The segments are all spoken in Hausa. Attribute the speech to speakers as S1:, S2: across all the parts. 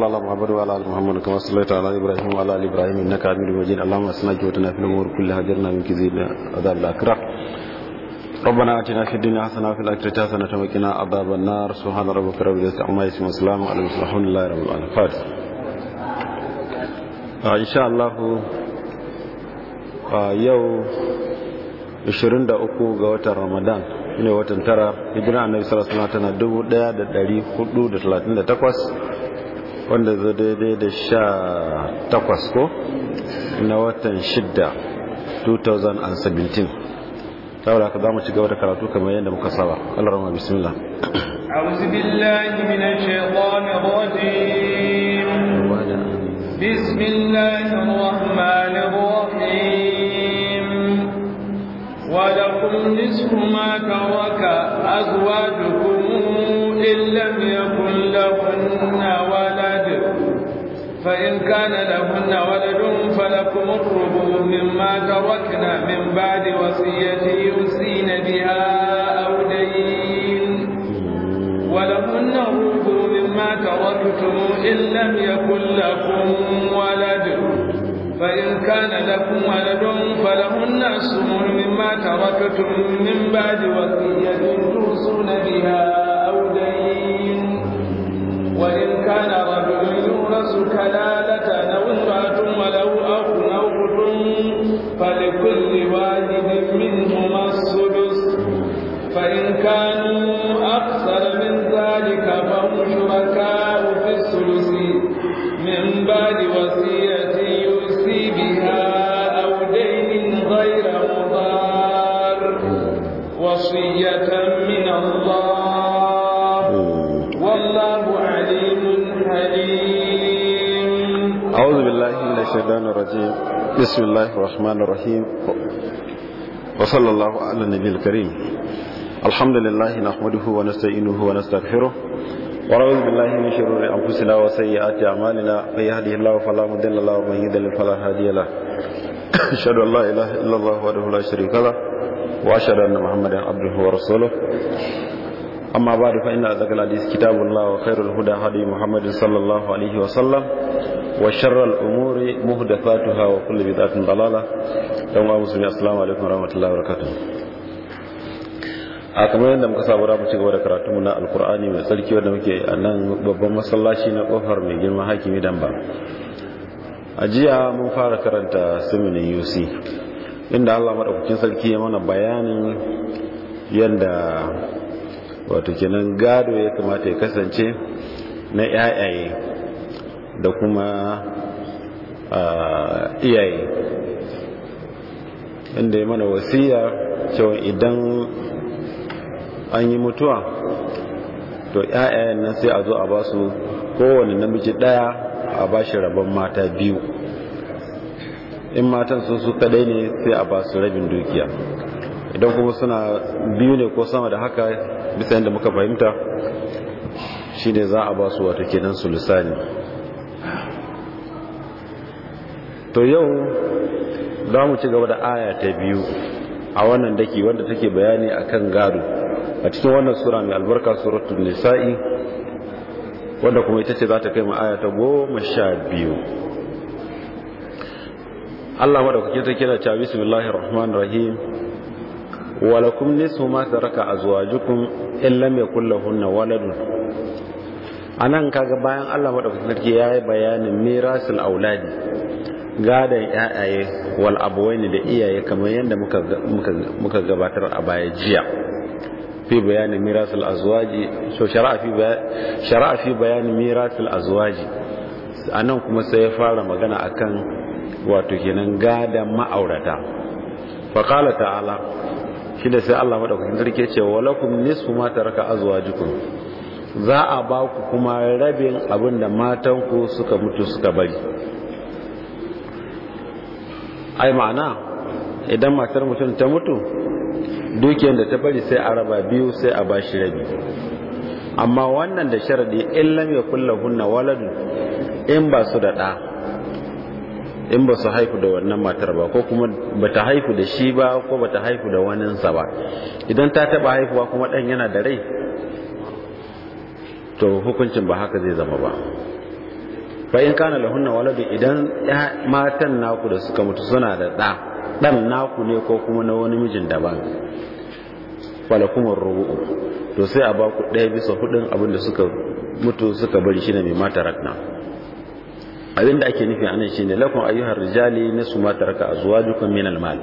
S1: صلى الله محمد وعلى ال محمد كما صليت على ابراهيم وعلى ال ابراهيم انك حميد مجيد اللهم اسنا جوتنا في الامور كلها اجرنا من كذب عذاب الاكرم ربنا اتنا في الدنيا حسنه وفي الاخره حسنه وقنا عذاب النار سبحان ربك رب العزه عما يصفون وسلام على المرسلين الحمد لله رب العالمين فاتح ان شاء الله يوم 23 ga watan Ramadan shine watan tara hijira annabi sallallahu alaihi wasallam tana 1438 wanda zo daidai da sha takwas ko na watan shidda 2017 saboda haka za mu ci gaba da karatu kamar yadda muka saba Allah rama bismillah
S2: أعوذ بالله من الشيطان الرجيم بسم الله الرحمن الرحيم ولكم نصف ما ترك أزواجكم إن لم يكن لهن ولد فإن كان لهن ولد فلكم الربع مما تركنا من بعد وصية يوصين بها أو دين ولهن الربع مما تركتم إن لم يكن لكم ولد فإن كان لكم ولد فلهن الثمن مما تركتم من بعد وصية توصون بها أو دين وإن كان رجل يورث كلالة أو امرأة وله أخ أو أم فلكل واحد منهما السدس فإن كانوا أكثر من ذلك فهم شركاء في السدس من بعد وصية يوصي بها أو دين غير مضار وصية من الله
S1: الشيطان الرجيم بسم الله الرحمن الرحيم وصلى الله على النبي الكريم الحمد لله نحمده ونستعينه ونستغفره ونعوذ بالله من شرور انفسنا وسيئات اعمالنا من يهده الله فلا مضل له ومن يضلل فلا هادي له اشهد ان لا اله الا الله وحده لا شريك له واشهد ان محمدا عبده ورسوله أما بعد فإن أصدق الحديث كتاب الله وخير الهدى هدي محمد صلى الله عليه وسلم وشر الأمور محدثاتها وكل بدعة ضلالة يوم مسلمين السلام عليكم ورحمة الله وبركاته a kamar yadda muka sabu ramu ci gaba da karatu na alkur'ani mai tsarki wanda muke a nan babban masallaci na kofar mai girma hakimi ba a jiya mun fara karanta siminin uc inda allah maɗaukakin sarki ya mana bayanin yadda wato kenan gado ya kamata ya kasance na yayaye da kuma iyaye inda ya mana wasiya cewa idan an yi mutuwa to yayayen nan sai a zo a basu su kowane namiji daya a ba shi rabon mata biyu in matan sun su kadai ne sai a ba su rabin dukiya idan kuma suna biyu ne ko sama da haka bisa yadda muka fahimta shi ne za a ba su wata kenan su lisani to yau za mu ci gaba da aya ta biyu a wannan daki wanda take bayani a kan gado a cikin wannan sura mai albarka suratul nisa'i wanda kuma ita ce za ta kai mu aya ta goma sha biyu Allah madaukake ta kira cewa bismillahir rahmanir rahim walakum su ma taraka azwajukum in lam yakul lahunna waladun anan kaga bayan Allah madaukakin sarki yayi bayanin mirasul auladi gadan yayaye wal abawaini da iyaye kamar yadda muka muka gabatar a baya jiya fi mirasul azwaji so shari'a fi shari'a fi bayanin mirasul azwaji anan kuma sai ya fara magana akan wato kenan gadan ma'aurata fa qala ta'ala shi da sai Allah madaukakin sarki ce wa walakum nisfu raka azuwa azwajukum za a ba ku kuma rabin abin da matanku suka mutu suka bari ai ma'ana idan matar mutum ta mutu dukiyar da ta bari sai a raba biyu sai a bashi rabi amma wannan da sharadi in lam yakul lahunna waladu in ba su da ɗa in ba su haifu da wannan matar ba ko kuma ba ta haifu da shi ba ko ba ta haifu da waninsa ba idan ta taba haifuwa kuma ɗan yana da rai to hukuncin ba haka zai zama ba bayan kana lahunna waladu idan matan naku da suka mutu suna da ɗa ɗan naku ne ko kuma na wani mijin daban falakumar rubu'u to a baku ɗaya bisa hudun abin da suka mutu suka bari shi ne mai mata na. abin da ake nufi anan shine lakum ayyuhar rijali nasu ma taraka azwajukum min almal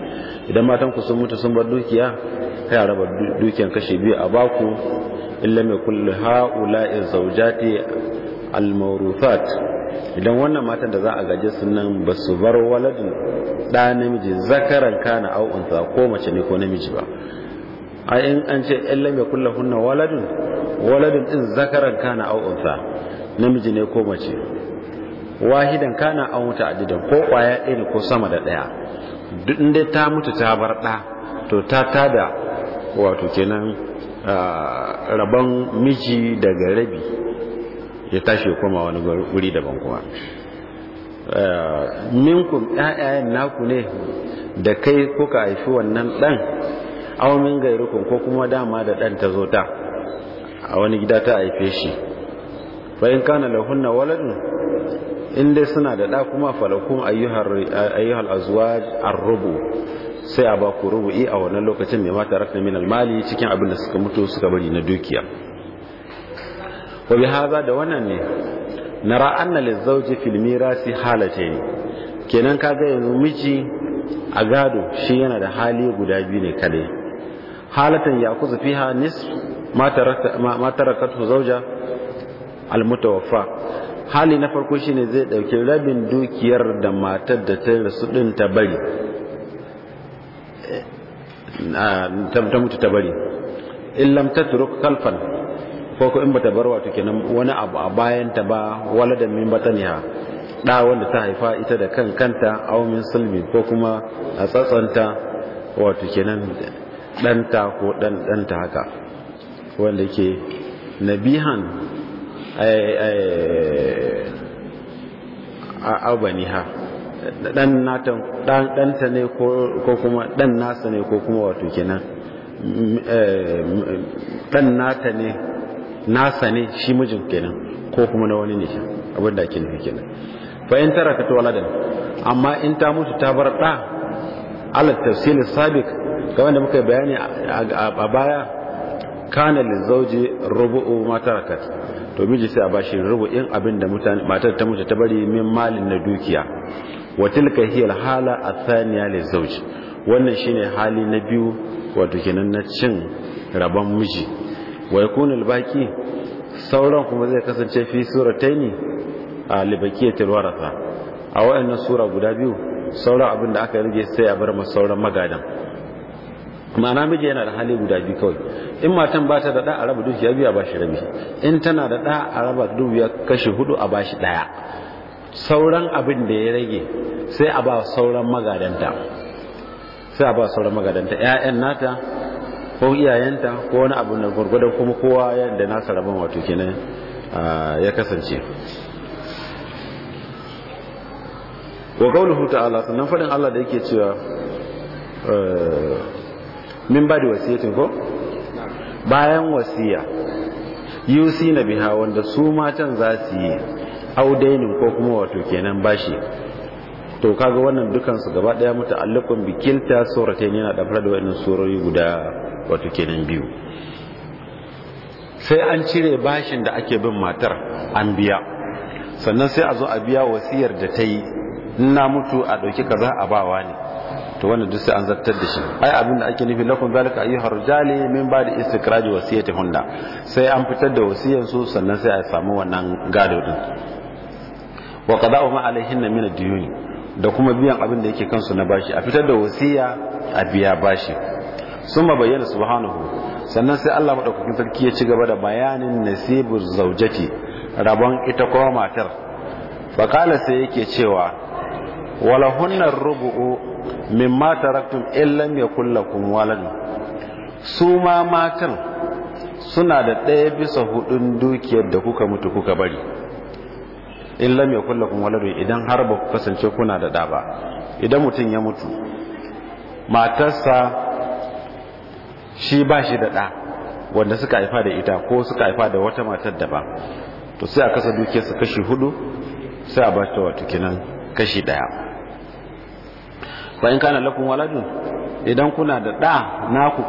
S1: idan matan ku sun mutu sun bar dukiya kai raba dukiyan kashe biyu a baku illa mai kullu haula'i zawjati almawruthat idan wannan matan da za a gaje sun nan ba su bar waladin da namiji zakaran kana au unta ko mace ne ko namiji ba ai in an ce illa mai kullu hunna waladun waladun din zakaran kana au unta namiji ne ko mace wahidan kana an wuta didan ko kwaya ɗaya ko sama da ɗaya duk inda ta mutu ta bar ɗa to ta tada wato kenan rabon miji daga rabi ya tashi koma wani wuri daban kuma minkum naku ne da kai ko ka haifi wannan ɗan awamin gairukun ko kuma dama da ɗan ta zo ta a wani gida ta haife shi bayan kana lahunna waladun in dai suna da ɗa kuma falakun ayyuhal an rubu sai a ba ku a wannan lokacin mai mata rafin min almali cikin abin da suka mutu suka bari na dukiya wabi haza da wannan ne nara anna filmi rasi halace ne kenan ga yanzu miji a gado shi yana da hali guda biyu ne kale halatan ya kuzu fiha nisf ma tarakatu zawja hali na farko shine zai ɗauki rabin dukiyar da matar da ta rasu ɗin ta bari eh, ah, ta mutu ta bari in lam tatruk kalfan ko ko in bata bar wato kenan wani abu a bayan ta ba waladan min bataniha da wanda ta haifa ita da kan kanta aw min sulmi ko kuma a tsatsanta wato kenan danta ko dan danta haka wanda ke nabihan Eh, eh, abaniha dan natan dan danta ne ko kuma dan nasa ne ko kuma wato kenan eh, dan nata ne nasa ne shi mijin kenan ko kuma na wani ne abin da ake nufi kenan fa in taraka to waladan amma in ta mutu ta bar da ala tafsir sabiq ga wanda muka bayani a baya kana lizauji rubu'u ma to miji sai a bashi rubu'in abin da matar ta mutu ta bari min malin na dukiya wa tilka hiya hala athaniya li zawj wannan shine hali na biyu wato kenan na cin rabon miji wa yakunu al sauran kuma zai kasance fi surataini a libakiyatul waratha a wa'annan sura guda biyu sauran abin da aka rige sai a bar masauran sauran magadan ma'ana miji yana da hali guda biyu kawai in matan ba ta da ɗa a raba dukiya biyu a shi rabi in tana da ɗa a raba ya kashi hudu a ba shi ɗaya sauran abin da ya rage sai a ba sauran magadanta sai a ba sauran magadanta ƴaƴan nata ko iyayenta ko wani abu na gwargwadon kuma kowa yadda nasa rabon wato kenan ya kasance wa qawluhu ta'ala sannan fadin Allah da yake cewa eh, min ba da wasiyatin ko bayan wasiya yusi na biha wanda su matan za su yi audainin ko kuma wato kenan bashi to kaga wannan su gaba daya muta'alliqun bi kilta suratain yana dafar da wannan surori guda wato kenan biyu sai an cire bashin da ake bin matar an biya sannan sai a zo a biya wasiyar da ta yi na mutu a ɗauki kaza a bawa ne to wannan duk sai an zartar da shi ai da ake nufi lakum zalika ayyuhar rijali min ba'di istikraji hunna sai an fitar da wasiyar su sannan sai a samu wannan gado din wa qada'u ma alaihin min ad-diyun da kuma biyan abin da yake kansu na bashi a fitar da wasiya a biya bashi summa bayyana subhanahu sannan sai Allah madaukakin sarki ya ci gaba da bayanin nasibur zaujati rabon ita ko matar fa sai yake cewa walahunnar rubu'u mimma taraktum illam ya lakum walad su ma matan suna da ɗaya bisa hudun dukiyar da kuka mutu kuka bari illam ya lakum walad idan har ba ku kasance kuna da ɗa ba idan mutum ya mutu matarsa shi ba shi da ɗa wanda suka haifa da ita ko suka haifa da wata matar ba to sai a kasa dukiyarsa kashi hudu sai a ba ta wato kenan kashi ɗaya fa in kana lakum waladun idan kuna da da naku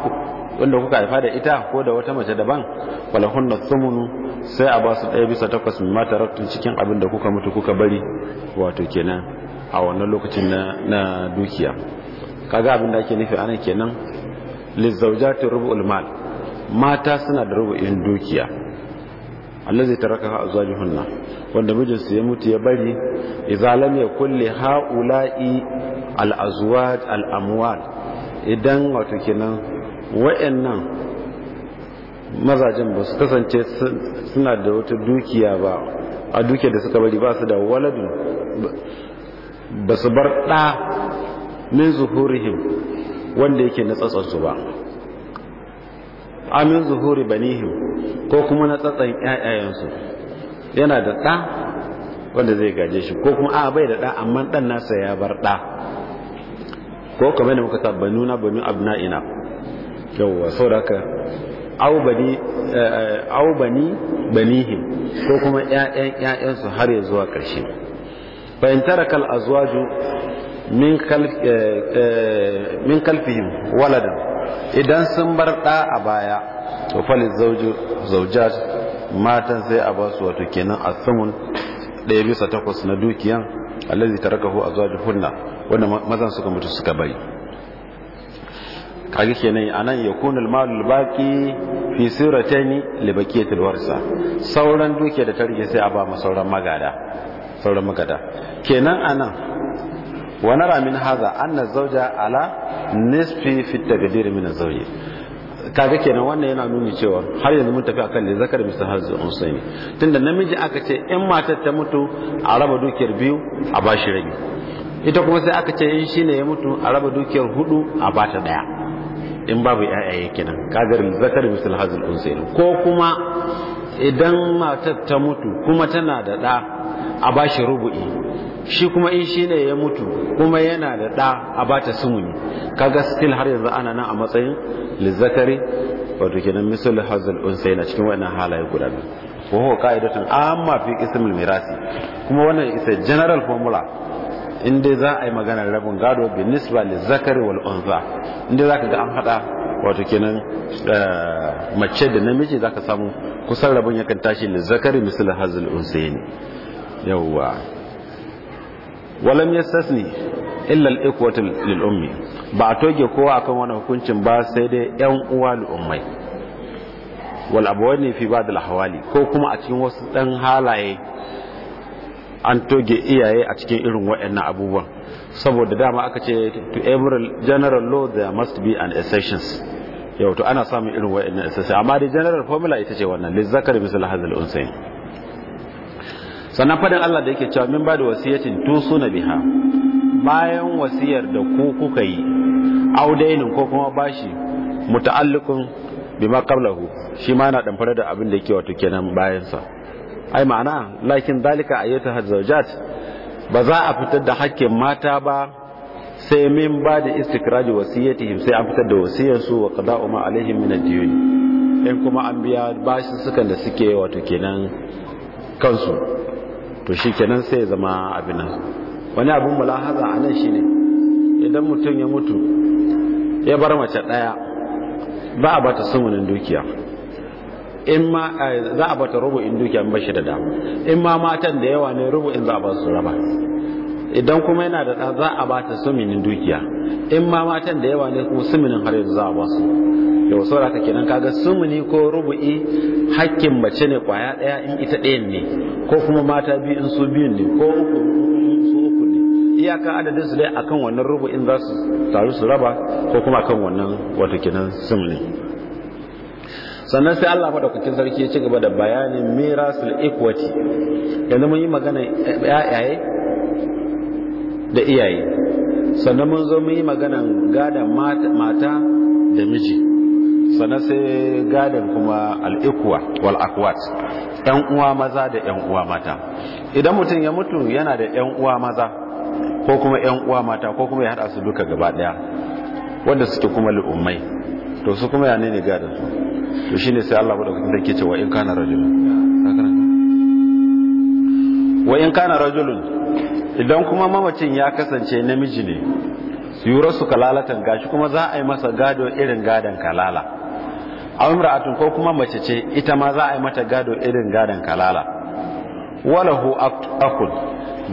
S1: wanda kuka haifa da ita ko da wata mace daban walahunna thumunu sai a ba su ɗaya bisa takwas min mata raktun cikin abin da kuka mutu kuka bari wato kenan a wannan lokacin na dukiya kaga abin da ake nufi anan kenan lizaujati rub'ul mal mata suna da rubu'in dukiya allazi tarakaha azwajuhunna wanda mijinsu ya mutu ya bari idza lam li haula'i al azwaj al amwal idan wato kenan wayannan mazajen ba su kasance suna da wata dukiya ba a dukiyar da suka bari ba su da waladun ba su bar da min zuhurihim wanda yake na su ba amin zuhuri banihim ko kuma na tsatsan ƴaƴayensu yana da ɗa wanda zai gaje shi ko kuma a bai da ɗa amma ɗan nasa ya bar ɗa ko kamar da muka sa banu na banu abna'ina yawwa da haka au eh, bani banihim ko kuma ƴaƴan ƴaƴansu har ya zuwa ƙarshe fahimtar kal azwaju min kalfihim eh, eh, waladan idan sun bar ɗa a baya to fali zaujaj matan sai a basu wato kenan asamun ɗaya bisa takwas na dukiyan allazi tarakahu hunna wanda mazan suka mutu suka bari kage kenan anan yakunul malul baqi fi siratayn li baqiyatil warsa sauran duke da tarihi sai a ba ma sauran magada sauran magada kenan anan ونرى من هذا أن الزوجة على نصف في التقدير من الزوجة zawji kaga kenan wannan yana nuni cewa har yanzu mun tafi akan zakar misal hazzu usaini tunda namiji aka ce in matar ta mutu a raba dukiyar biyu a bashi rabi ita kuma sai aka ce in shine ya mutu a raba dukiyar hudu a bata daya in babu yayaye kenan kaga zakar misal hazzu usaini ko kuma idan matar ta mutu kuma tana da da a bashi rubu'i shi kuma in shi ne ya mutu kuma yana da ɗa a bata sumuni kaga still har yanzu ana nan a matsayin lizzakari wato kenan misal hazal unsa na cikin wannan halaye guda biyu wa huwa qa'idatun amma fi qismil mirasi kuma wannan isa general formula in dai za a yi maganar rabin gado bi nisba lizzakari wal unsa in dai zaka ga an hada wato kenan eh, mace da namiji zaka samu kusan rabin yakan tashi lizzakari misal hazal unsa ne yawwa walam yastasni illa al-ikwatu lil ummi ba a toge kowa akan wannan hukuncin ba sai dai yan uwa lil ummai wal abawani fi ba'd al-ahwali ko kuma a cikin wasu dan halaye an toge iyaye a cikin irin waɗannan abubuwan saboda dama aka ce to every general law there must be an exceptions yau to ana samun irin waɗannan exceptions amma dai general formula ita ce wannan lizzakar misal hadhal unsayin. sannan fadin Allah da yake cewa min ba da wasiyatin na biha bayan wasiyar da ku kuka yi audainin ko kuma bashi muta'allikun bima qablahu shi ma yana damfara da abin da yake wato kenan bayan sa ai ma'ana lakin dalika ayyatu hazawjat ba za a fitar da hakkin mata ba sai min ba da istikraji wasiyatihim sai an fitar da wasiyar su wa qada'u ma alaihim min ad-diyun in kuma an biya bashi sukan da suke wato kenan kansu to kenan sai ya zama abin nan wani abin mulahaza a nan shi ne idan mutum ya mutu ya bar mace ɗaya ba a bata sumunin dukiya in ma eh, za a bata in dukiya ba shi da dama in ma matan da yawa ne in za a ba su raba idan kuma yana da ɗa za a ba ta suminin dukiya in ma matan da yawa ne kuma suminin har yanzu za a su. yau saboda ka kenan kaga sumini ko rubu'i hakkin mace ne kwaya ɗaya in ita ɗayan ne ko kuma mata biyu in su biyun ne ko uku su uku ne iyaka adadin su dai akan wannan rubu'in za su taru su raba ko kuma akan wannan wato kenan sumini sannan sai Allah madaukakin sarki ya ci gaba da bayanin mirasul ikwati yanzu mun yi magana yayaye da iyaye sannan mun zo mun yi maganan gadon mata da miji sannan sai gadon kuma al'ikuwa wal akwat yan uwa maza da yan uwa mata idan mutum ya mutu yana da yan uwa maza ko kuma yan uwa mata ko kuma ya hada su duka gaba daya wanda suke kuma lu'ummai to su kuma yane ne gadon su to shine sai Allah bada kuma take wa in kana rajulun wa in kana rajulun idan kuma mamacin ya kasance namiji ne yura su kalalatan gashi kuma za a yi masa gado irin gadon kalala wani ra'atun ko kuma mace ce ita ma za a yi mata gado irin gadon kalala walahu akul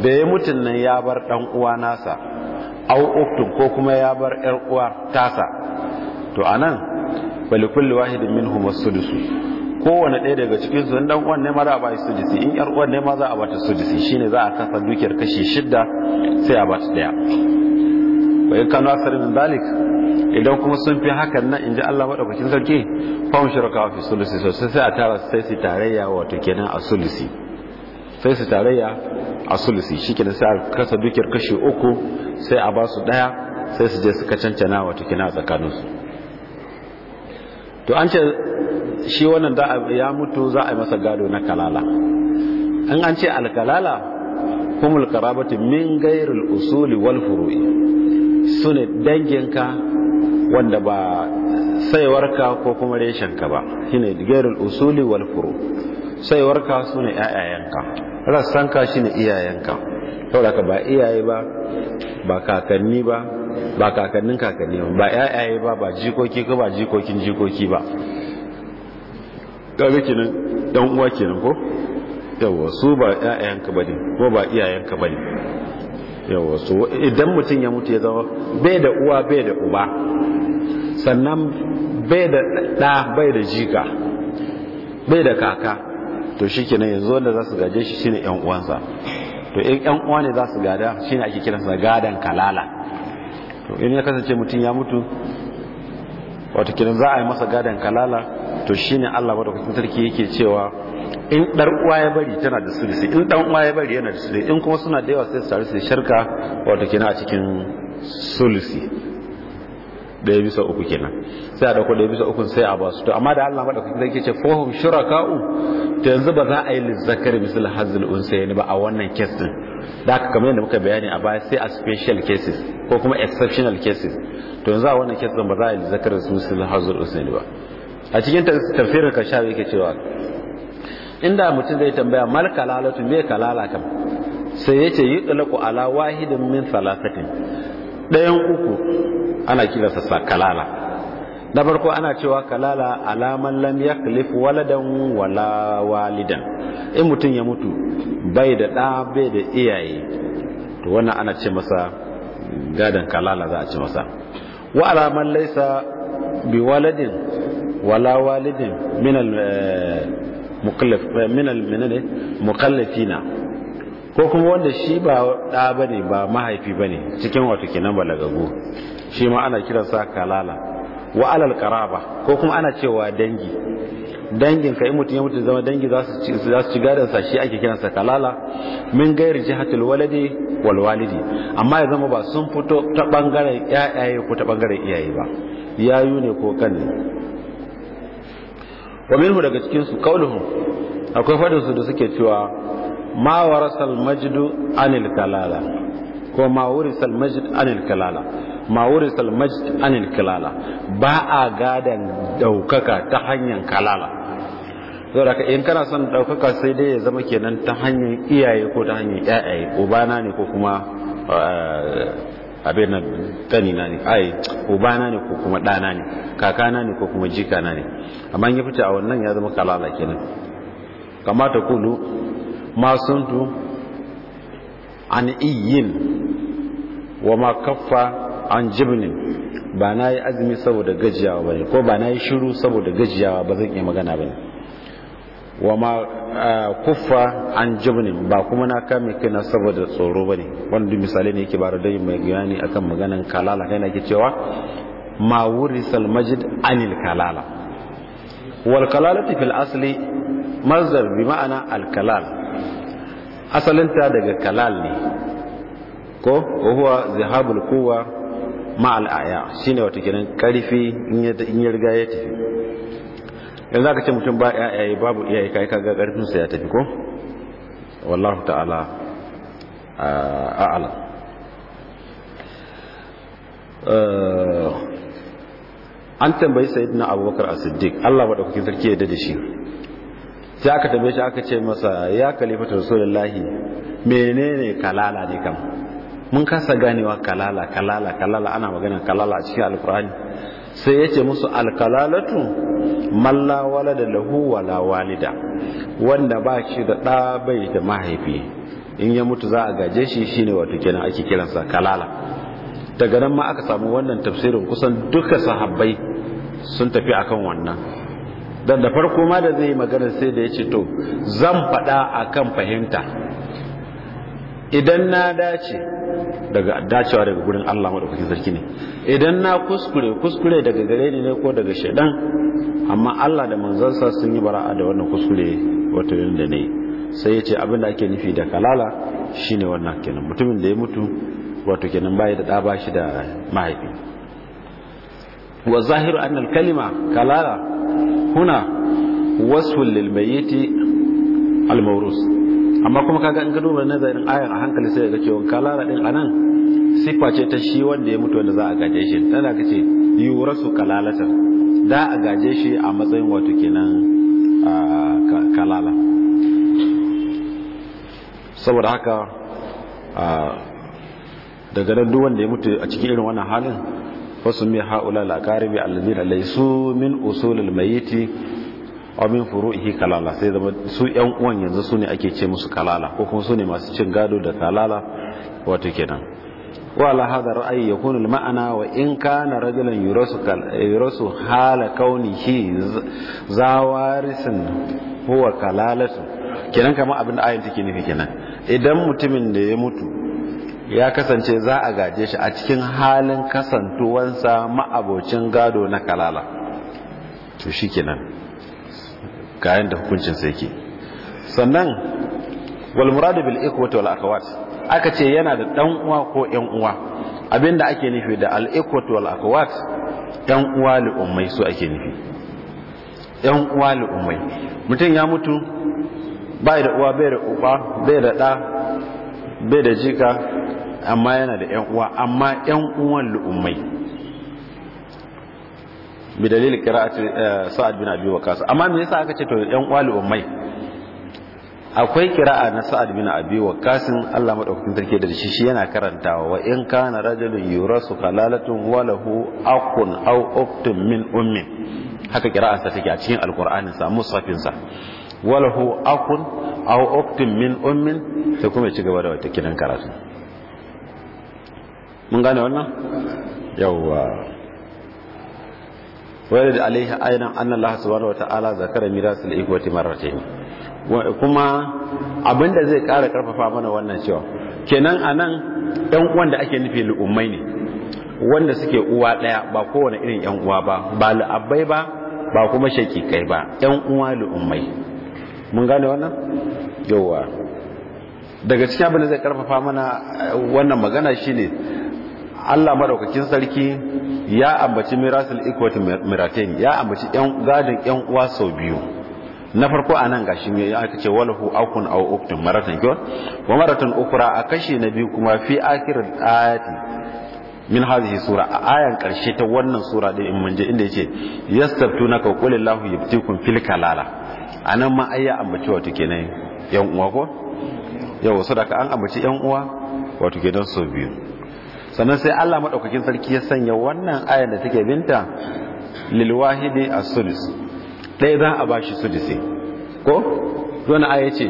S1: da ya mutun nan ya bar dan uwa nasa aw uktun ko kuma ya bar yar uwa tasa to anan bal kulli wahidin minhum as-sudus kowane ɗaya daga cikin su ɗan uwan ne ma za a ba su sudisi in yar uwan ne ma za a ba ta shi shine za a kasa dukiyar kashi shidda sai a ba ta ɗaya. bai kano asarin min dalik idan kuma sun fi hakan nan in ji Allah madaukakin sarki fam shirka fi sulusi sosai sai a tara sai su tarayya wato kenan a sulusi sai su tarayya a sulusi shikenan sai a kasa dukiyar kashi uku sai a ba su ɗaya sai su je suka cancana wato kenan a tsakaninsu to an ce shi wannan da ya mutu za a yi masa gado na kalala in an ce alkalala kuma alkarabatu min gairul usuli wal furu'i su ne danginka wanda ba saiwarka ko kuma reshenka ba shine gairul usuli wal furu saiwarka su ne ƴaƴayenka rassanka shine iyayenka saboda ka ba iyaye ba ba kakanni ba ba kakannin kakanni ba ba ƴaƴaye ba ba jikoki ko ba jikokin jikoki ba kaga kenan dan uwa kenan ko yawa su ba ka bane ko ba iyayenka bane yawa su idan mutum ya mutu ya zama bai da uwa bai da uba sannan bai da ɗa bai da jika bai da kaka to shi kenan yanzu wanda za su gaje shi shine ƴan uwansa to in ƴan uwa ne za su gada shine ake kiransa gadan kalala to in ya kasance mutum ya mutu wato kiran za a yi masa gadon kalala to shi ne Allah madaukakin sarki yake cewa in dar uwa ya bari tana da sulusi in ɗan uwa ya bari yana da sulusi in kuma suna da yawa sai su tare su sharka wato a cikin sulisi ɗaya bisa uku kenan sai a dauko ɗaya bisa uku sai a ba su to amma da Allah madaukakin sarki ce fahum shuraka'u to yanzu ba za a yi lizzakari misal hazil unsayni ba a wannan kes din da haka kamar yadda muka bayani a baya sai a special cases ko kuma exceptional cases to yanzu a wannan kes din ba za a yi lizzakari misal hazil unsayni ba a cikin tafsirin kashawi yake cewa inda mutum zai tambaya mal kalalatu me kalala kam sai yace yutlaqu ala wahidin min salasatin dayan uku ana kiransa sa kalala da farko ana cewa kalala alaman lam yaklif waladan wala walidan in mutum ya mutu bai da ɗa bai da iyaye to wannan ana ce masa gadan kalala za a ce masa wa alaman laisa bi waladin wala walidin minal eh, mukallaf eh, minal minane mukallafina ko kuma wanda shi ba ɗa bane ba mahaifi bane cikin wato kenan balagagu shi ma ana kiransa kalala wa alal qaraba ko kuma ana cewa dangi dangin ka in mutum ya mutu zama dangi za su za su ci gadan sa shi ake kiransa kalala min gairi jihatul waladi wal walidi amma ya zama ba sun fito ta bangaren yayaye ko ta bangaren iyaye ba yayu ne ko kan wa minhu daga cikin su qauluhum akwai fadin su da suke cewa ma warasal majdu anil kalala ko ma warasal majd anil kalala ma wurisal anil kalala ba a gadan daukaka ta hanyar kalala saboda ka in kana son daukaka sai dai ya zama kenan ta hanyar iyaye ko ta hanyar iyaye ubana ne ko kuma eh, abin nan na ne ai ubana ne ko kuma dana ne kakana ne ko kuma jikana ne amma ya fita a wannan ya zama kalala kenan kamata kulu masuntu an iyin wa ma kaffa an jibnin ba na yi azumi saboda gajiyawa ba ne ko ba na yi shiru saboda gajiyawa ba zan iya magana ba ne wa ma kuffa an jibnin ba kuma na kame na saboda tsoro ba ne wanda misali ne yake bara dai mai gani akan maganan kalala kai na ke cewa ma wurisal majid anil kalala wal kalala fil asali mazhar bi ma'ana al kalal asalinta daga kalal ne ko huwa zihabul quwwa ma'al aya shine wata kenan karfi in ya riga ya tafi yanzu aka ce mutum ba yayaye babu iyaye kai kaga karfin ya tafi ko wallahu ta'ala eh, an tambayi na abubakar as-siddiq Allah madaukakin sarki ya dade shi sai aka tambaye shi aka ce masa ya kalifatu rasulullahi menene kalala ne kam mun kasa ganewa kalala kalala kalala ana magana kalala a cikin alkur'ani sai yace musu alkalalatu malla walada lahu wala walida wanda ba shi da ɗa bai da mahaifi in ya mutu za a gaje shi shine wato kenan ake kiransa kalala daga nan ma aka samu wannan tafsirin kusan duka sahabbai sun tafi akan wannan dan da farko ma da zai magana sai da yace to zan faɗa akan fahimta idan na dace daga dacewa daga gurin Allah madaukakin sarki ne idan na kuskure kuskure daga gare ni ne ko daga shaidan amma Allah da manzansa sun yi bara'a da wannan kuskure wata yin da ne sai ya ce abin da ake nufi da kalala shine wannan kenan mutumin da ya mutu wato kenan bayi da ɗa bashi da mahaifi wa zahiru anna kalima kalala huna wasfun lil al mawrus amma kuma kaga in ka duba nazarin ayar a hankali sai ga cewa kalara din anan sifa ce ta shi wanda ya mutu wanda za a gaje shi tana ka ce yurasu kalalatan da a gaje shi a matsayin wato kenan kalala saboda haka daga nan duk wanda ya mutu a cikin irin wannan halin fasu mai haula al-aqaribi alladhina laysu min usulil mayyiti aw min furu'ihi kalala sai zama su yan uwan yanzu su ne ake ce musu kalala ko kuma su ne masu cin gado da kalala wato kenan wa la hada ra'ayi yakunu al-ma'ana wa in kana rajulan yurasu yurasu hala kaunihi zawarisin huwa kalalatu kenan kamar abin da ayin take nufi kenan idan mutumin da ya mutu ya kasance za a gaje shi a cikin halin kasantuwansa ma'abocin gado na kalala to shikenan ga hukuncin hukuncinsa yake sannan wal bil ikwati wal aka ce yana da dan uwa ko yan uwa abinda ake nufi da al ikwati wal akhawat yan uwa li ummai su ake nufi yan uwa li ummai mutum ya mutu bai da uwa bai da uba bai da da bai da jika amma yana da yan uwa amma yan uwan li ummai bi dalil qira'ati eh, sa'ad bin abi waqas amma me yasa aka ce to yan uwa ummai akwai kira'a na sa'ad bin abi waqasin Allah madaukakin sarki da shi shi yana karantawa wa in kana rajulun yurasu kalalatun wa lahu aqun aw uqtun min ummi haka kira'a sa take a cikin alqur'ani sa musafin sa wa lahu aqun aw uqtun min ummi sai kuma ci gaba da wata kidan karatu mun gane wannan yawwa ويرد عليه أيضا أن الله سبحانه وتعالى ذكر ميراث الإخوة مرتين kuma abinda zai ƙara ƙarfafa mana wannan cewa kenan a nan ‘yan uwan da ake nufi lu'ummai ne wanda suke uwa ɗaya ba kowane irin ‘yan uwa ba ba lu'abbai ba ba kuma shakikai ba ‘yan uwa lu'ummai mun gane wannan yauwa daga cikin abin da zai ƙarfafa mana wannan magana shine Allah madaukakin sarki ya ambaci mirasul ikwati miratain ya ambaci yan gadin yan uwa sau biyu na farko a nan gashi me aka ce walahu akun aw uktum maratan kyon wa maratan ukra a kashi na biyu kuma fi akhir ayati min hadhihi sura a ayan karshe ta wannan sura din in manje inda yace yastabtunaka qulillahu yubtikum fil kalala anan ma ayya ambaci wato kenan yan uwa ko yau sadaka an ambaci yan uwa wato kenan sau biyu sannan sai Allah maɗaukakin sarki ya sanya wannan ayar da take binta lil wahidi a sudus dai za a bashi sudusi ko zuwa aya ce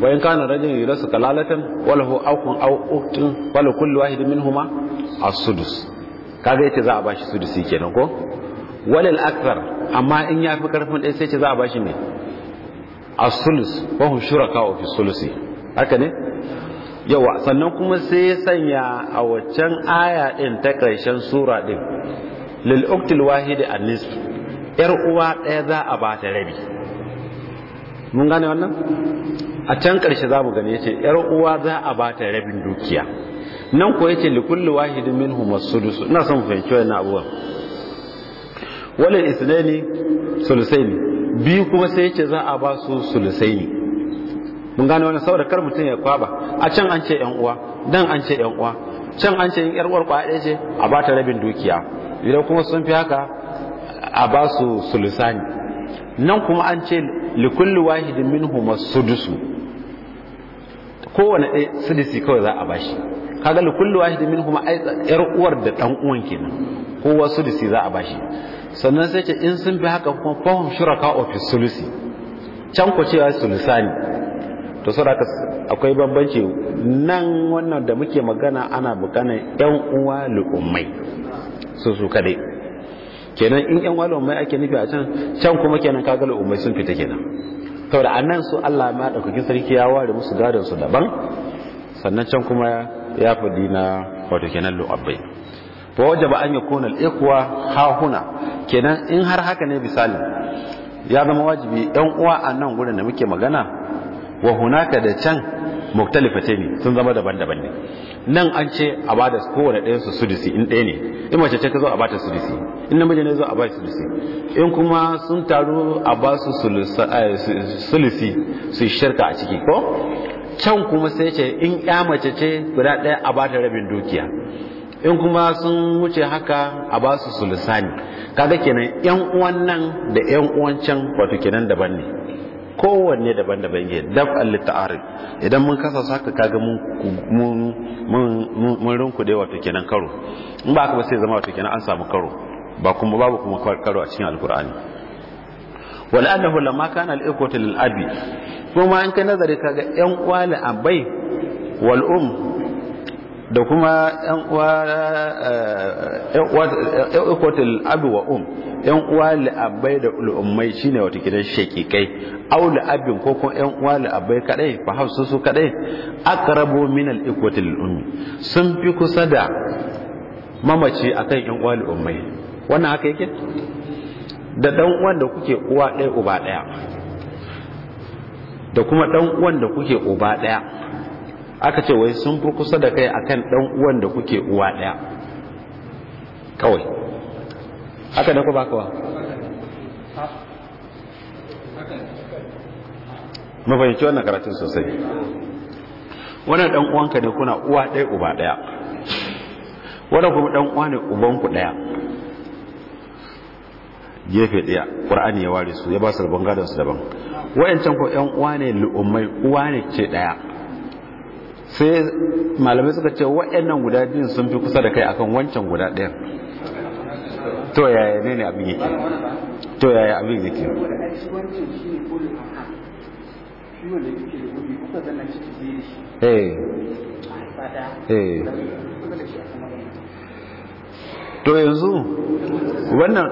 S1: bayan in kana yi rasu kalalatan wa lahu akhun aw ukhtun wa li kulli a minhuma as kaga yace za a bashi sudusi kenan ko walil akthar amma in ya fi karfin dai sai ce za a bashi ne a sulus wa shura shuraka fi sulusi haka ne yawa sannan kuma sai ya sanya a waccan aya ɗin ta ƙarshen sura ɗin, lil'uktil wahidi a nisfu yar uwa ɗaya za a ba ta rabi mun gane wannan a can ƙarshe za mu gane ce yar uwa za a ba ta rabin dukiya nan ko yace likulli wahidi min minhum as dusu ina son fahimci Wani abubuwan ne sulusai ne biyu kuma sai yace za a ba su ne mun gane wani saboda kar mutum ya kwaba a can an ce yan uwa dan an ce yan uwa can an ce in yar uwar kwaɗe ce a ba ta rabin dukiya idan kuma sun fi haka a ba su sulusani nan kuma an ce likulli wahidin minhum sudusu kowane ɗaya sudusi kawai za a bashi kaga likulli wahidin minhum ai yar uwar da dan uwan kenan kowa sudusi za a bashi sannan sai ce in sun fi haka kuma fahim shuraka ofis sulusi can ku cewa sulusani to saboda akwai bambanci nan wannan da muke magana ana bukana yan uwa lu'ummai su su kadai kenan in yan uwa lu'ummai ake nufi a can can kuma kenan kaga lu'ummai sun fita kenan da annan su Allah ma daukakin sarki ya ware musu gadon su daban sannan can kuma ya fadi na wato kenan lu'abbai fa wajaba an yakuna al-ikhwa ha huna kenan in har haka ne misali ya zama wajibi yan uwa a nan gurin da muke magana wa hunaka da can muktalifate ne sun zama daban-daban ne nan an ce a bada kowane ɗaya su sudisi in ɗaya ne in mace ce ta zo a ba ta sudisi in namiji ne zo a ba bata sudisi in kuma sun taru a ba su eh, sulisi su shirka a ciki ko can kuma sai ce in ya mace ce guda ɗaya a ba ta rabin dukiya in kuma sun wuce haka a ba su sulisani kaga kenan yan uwan nan da yan uwan can wato kenan daban ne kowanne daban-daban yake dab'al lita'arif idan mun kasa saka kaga mun mun mun mun rinku wato kenan karo in ba ka ba sai zama wato kenan an samu karo ba kuma babu kuma karo a cikin alkur'ani wala annahu lamma kana al ikwatu lil abi kuma in ka nazari kaga yan kwali abai wal um da kuma ‘yan uwatul eh, abi wa um ‘yan uwa la'abbai da shi shine wata gidan kai au la'abin ko kuma ‘yan uwa la'abbai kadai fa hausu su aka rabu minal al'ikwatul ummi sun fi kusa da mamaci akan ‘yan uwa la’ummai wannan haka yake da ɗan uwan da kuke uwa ɗaya uba ɗaya da kuma ɗan uwan da kuke uba ɗaya aka ce wai sun fi kusa da kai akan dan uwan da kuke uwa daya kawai haka ne ku ba kawa mu fahimci wannan karatun sosai wannan dan uwanka ne kuna uwa ɗaya uba ɗaya wannan kuma dan uwa ne ubanku ɗaya gefe ɗaya qur'ani ya ware su ya ba su rabon gadon su daban wayancan ko yan uwa ne lu'ummai uwa ne ce ɗaya sai malamai suka ce waɗannan guda biyun sun fi kusa da kai akan wancan guda ɗayan to yaya ne ne abin yake to yaya abin yake
S2: eh. eh.
S1: to yanzu wannan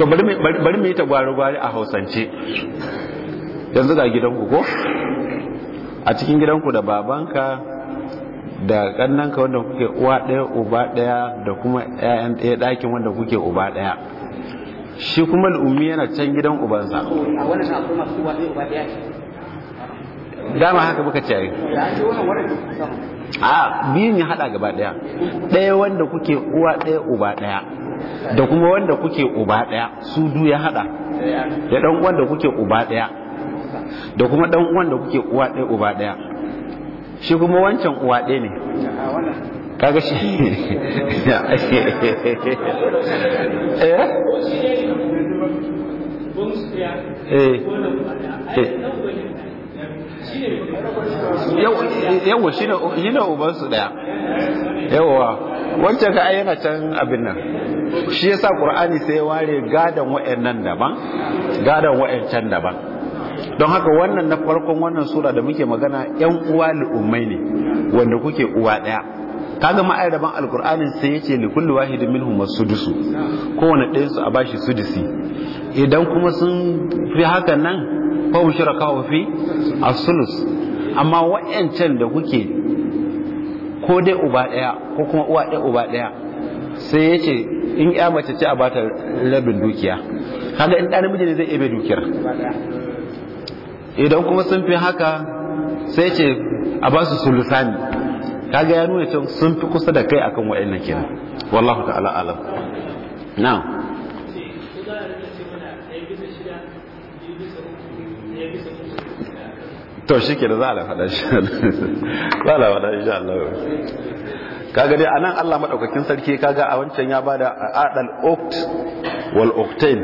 S1: to bari mu yi ta gwari-gwari a hausance yanzu ga gidanku ko a cikin gidanku da babanka da kannanka wanda kuke uwa ɗaya uba ɗaya da kuma ɗayan ɗaya ɗakin wanda kuke uba ɗaya shi kuma al'ummi yana can gidan ubansa dama haka muka ce a biyun ya hada gaba daya daya wanda kuke uwa daya uba daya da kuma wanda kuke uba daya su du ya hada da dan wanda kuke uba daya da kuma dan uwan da kuke uwa ɗaya uba ɗaya shi kuma wancan uwa ɗaya ne kaga shi
S2: eh, eh. yawa
S1: shi ne su daya yawa wancan ka ayyana can abin nan shi yasa qur'ani sai ya ware gadon wa'annan daban gadon wa'ancan daban don haka wannan na farkon wannan sura da muke magana yan uwa li'ummai ne wanda kuke uwa daya kaga daban alkur'anin sai yace li kulli wahidin minhum dusu kowane ɗayan su a bashi sudusi idan kuma sun fi haka nan fa mushraka fi as-sulus amma wa'ancan da kuke ko dai uba daya ko kuma uwa daya uba daya sai ya in ya mace ce a bata rabin dukiya kaga in ɗanin namiji ne zai ebe dukiyar idan kuma sun fi haka sai ce a ba su sulusani kaga ya nuna cewa sun fi kusa da kai akan wa'annan kenan wallahu ta'ala alam na to shi ke da za a faɗa shi za a faɗa shi. Allah kaga dai anan Allah madaukakin sarki kaga a wancan ya bada adal okt wal oktain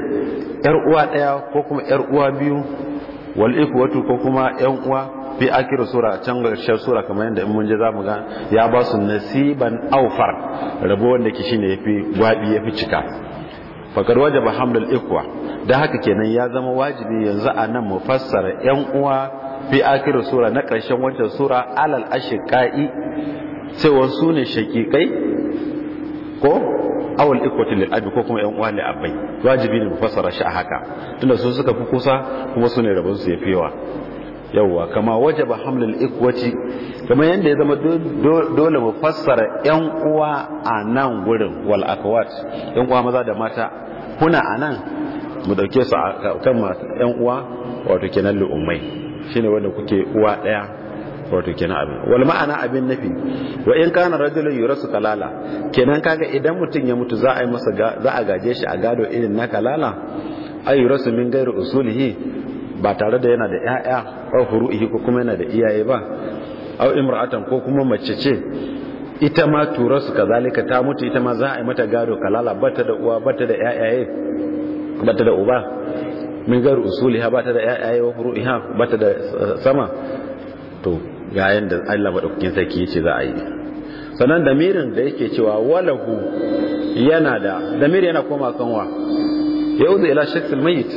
S1: yar uwa daya ko kuma yar uwa biyu wal ikwatu ko kuma yan uwa fi akira sura can sura kamar yadda in mun je zamu ga ya ba su nasiban awfar rabo wanda ke shine yafi gwabi yafi cika fakar wajaba hamdul ikwa dan haka kenan ya zama wajibi yanzu a nan mu fassara yan uwa fi akira sura na karshen wancan sura alal ashiqai sai wasu ne shakikai ko awal ikwatin lil abi ko kuma yan uwa ne abai wajibi ne mu fassara shi a haka tunda su suka fi kusa kuma su ne rabon su yafi yawa yawwa kama wajaba hamlul ikwati kama yanda ya zama dole mu fassara yan uwa a nan gurin wal akwat yan uwa maza da mata kuna a nan mu dauke su a kan yan uwa wato kenan lu'ummai shine wanda kuke uwa daya wato kenan abin wal ma'ana abin nafi wa in kana rajulun yurasu kalala kenan kaga idan mutum ya mutu za a yi masa za a gaje shi a gado irin na kalala ay yurasu min ghairu usulihi ba tare da yana da ƴaƴa ko furu'i ko kuma yana da iyaye ba aw imra'atan ko kuma mace ce ita ma turasu kazalika ta mutu ita ma za a yi mata gado kalala bata da uwa bata da ƴaƴaye bata da uba min ghairi usuliha bata da ƴaƴaye wa furu'iha bata da eh, sama to ga yadda Allah maɗaukakin sarki yace za a yi sannan damirin da yake cewa walahu yana da damir yana koma kanwa ya uzu ila mayit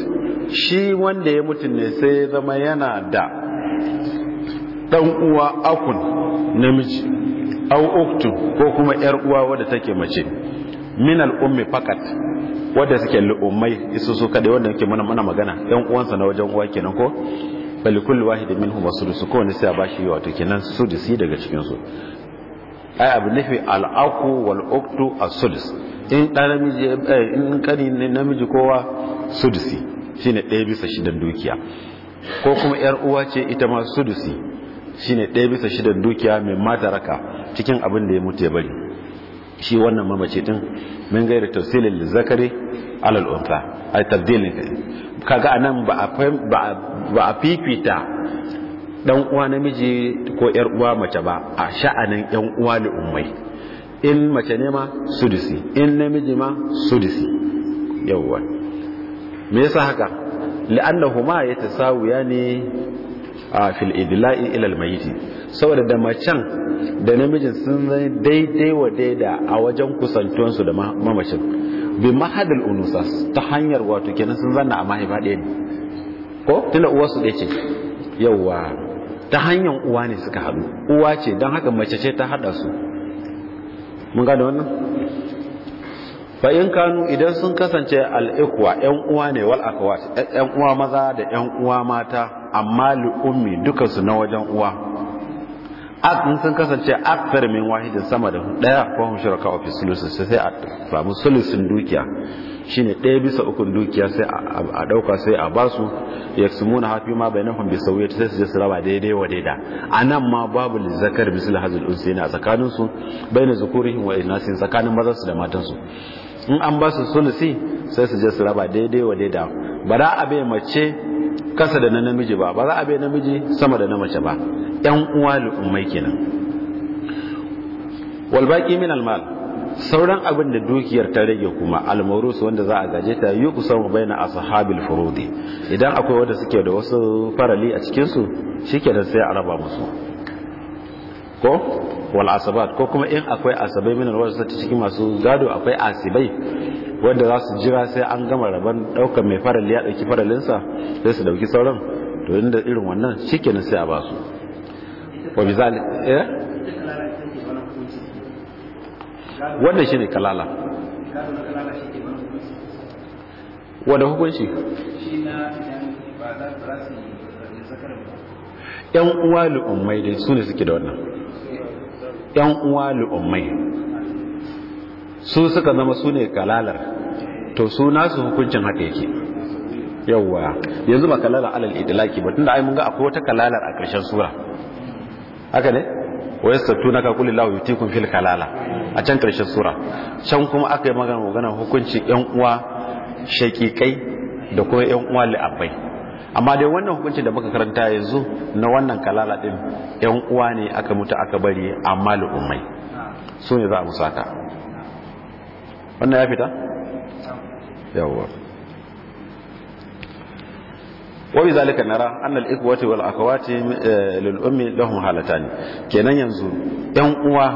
S1: shi wanda ya mutu ne sai zama yana da dan uwa akun namiji au uktu ko kuma yar uwa wadda take mace min al ummi fakat wadda suke lu'ummai isu su kada wanda yake mana magana yan uwansa na wajen uwa kenan ko falikul wahidin minhum wasudus kowane sai a bashi wato kenan su daga cikin su ai abu nufi al'aqu wal uktu as-sudus in dan namiji eh, in kani namiji kowa sudusi shine ɗaya bisa shidan dukiya ko kuma yar uwa ce ita ma sudusi shine ɗaya bisa shidan dukiya mai mata raka cikin abin da ya mutu ya bari shi wannan mamace din min gairi tafsilin zakari alal unsa a ne kaga anan ba a fifita dan uwa namiji ko yar uwa mace ba a sha'anin yan uwa ne ummai in mace ne ma sudisi in namiji ma sudisi yawwa me yasa haka ma yatasawiya ne a fil idla'i ila al saboda da macen da namijin sun zai daidai wa daida a wajen kusantuwansu da mamacin bi mahadal unusas ta hanyar wato kenan sun zanna a mahaifa ɗaya ne ko tunda uwa su ce yauwa ta hanyar uwa ne suka haɗu uwa ce don haka mace ce ta haɗa su mun gane wannan fa in kanu idan sun kasance al'ikwa yan uwa ne wal akhawat yan uwa maza da yan uwa mata amma li ummi dukansu na wajen uwa in sun kasance akthar min wahidin sama da daya ko hum shuraka fi sulusi sai a samu sulusin dukiya shine daya bisa ukun dukiya sai a dauka sai a basu yaksumuna hafi ma bainahum bi sawiyati sai su je su raba daidai wa daida anan ma babu lizakar da hazil unsi a tsakanin su na zukurihim wa inasin tsakanin mazan su da matan su in an basu sulusi sai su je su raba daidai wa daida bara abe mace kasa da na namiji ba ba za a bai namiji sama da na mace ba yan uwa lu'ummai kenan walbaƙi min almal sauran abin da dukiyar ta rage kuma almurus wanda za a gaje ta yi kusan a ashabil furudi idan akwai wanda suke da wasu farali a cikinsu shi ke da sai a raba musu ko wal asabat ko kuma in akwai asabai minar wasu ta cikin masu gado akwai asibai wanda za su jira sai an gama rabon daukar mai farali ya dauki faralinsa sai su dauki sauran to inda irin wannan shikenan sai a basu su wa bizali eh wannan shine kalala wanda hukunci
S2: shi na ba za su
S1: yan uwa lu'ummai dai su ne suke da wannan yan uwa lu'ummai su suka zama su ne kalalar to su nasu hukuncin haka yake yawwa yanzu ba kalalar alal idlaki ba tunda ai mun ga akwai wata kalalar a ƙarshen sura haka ne wa yastatuna ka kulli lahu yutikum fil kalala a can ƙarshen sura can kuma aka yi magana magana hukuncin yan uwa shaƙiƙai da kuma yan uwa li'abbai amma dai wannan hukunci da muka karanta yanzu na wannan kalala din yan uwa ne aka mutu aka bari amma al'ummai su ne za a musaka wannan ya fita yawon wani zalika nara anna al-ikhwati wal akhawati eh, lil ummi lahum halatan kenan yanzu yan uwa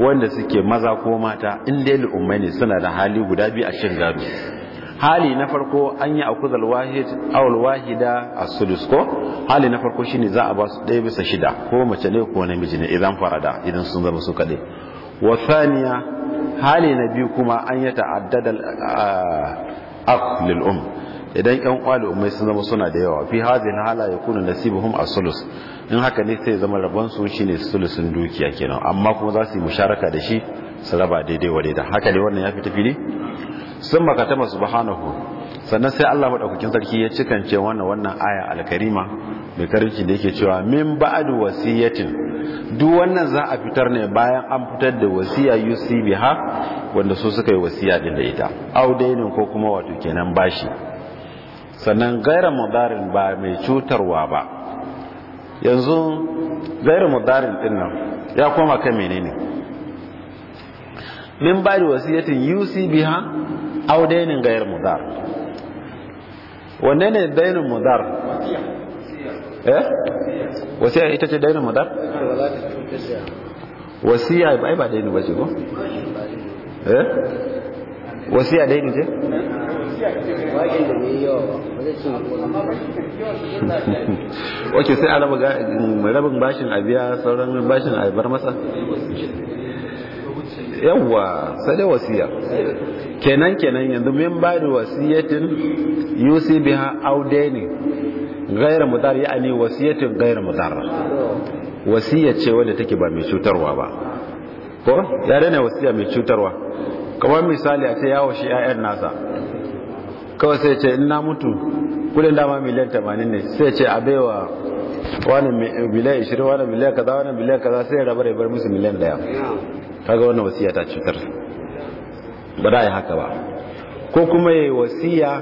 S1: wanda suke maza ko mata in dai al'ummai ne suna da hali guda biyu a cikin gado hali na farko an yi akuzal wahid wahida a sudus ko hali na farko shine za a ba su ɗaya bisa shida ko mace ne ko namiji ne idan farada idan sun zama su kaɗai wa saniya hali na biyu kuma an yi ta'addada ah, ak lil um idan yan kwali umai sun zama suna da yawa fi na hala ya kuna nasibuhum a sulus in haka ne sai zama rabon su shine sulusun dukiya kenan amma kuma za su yi musharaka da shi su raba daidai wa daidai haka ne wannan ya fi tafi ne sun makatama subhanahu sannan sai Allah madaukakin sarki ya cikance wannan wannan aya alkarima mai karinci da yake cewa min ba'du wasiyatin duk wannan za a fitar ne bayan an fitar da wasiya yusi biha wanda su suka yi wasiya din da ita audainin ko kuma wato kenan bashi sannan gaira mudarin ba mai cutarwa ba yanzu gaira mudarin din nan ya koma kan menene min ba'du wasiyatin yusi biha aw dainin ghayr mudar wanne ne dainin mudar eh wasiya ita ce dainin mudar wasiya ai ba dainin bace ko eh wasiya dainin ce
S2: ok sai a raba
S1: rabin bashin a biya sauran bashin a bar masa yawwa sai dai wasiya kenan kenan yanzu min ba da wasiyatin yusi biha audaini ghayra mudar ya'ani wasiyatin ghayra mudar wasiya ce wanda take ba mai cutarwa ba ko ya daina wasiya mai cutarwa kamar misali a ce yawo shi 'ya'yan nasa kawai sai ce in na mutu kudin dama miliyan 80 ne sai ce a baiwa wani miliyan 20 wani miliyan kaza wani miliyan kaza sai ya rabar ya bar musu miliyan daya kaga wannan wasiya ta cutar ba da haka ba ko kuma yi wasiya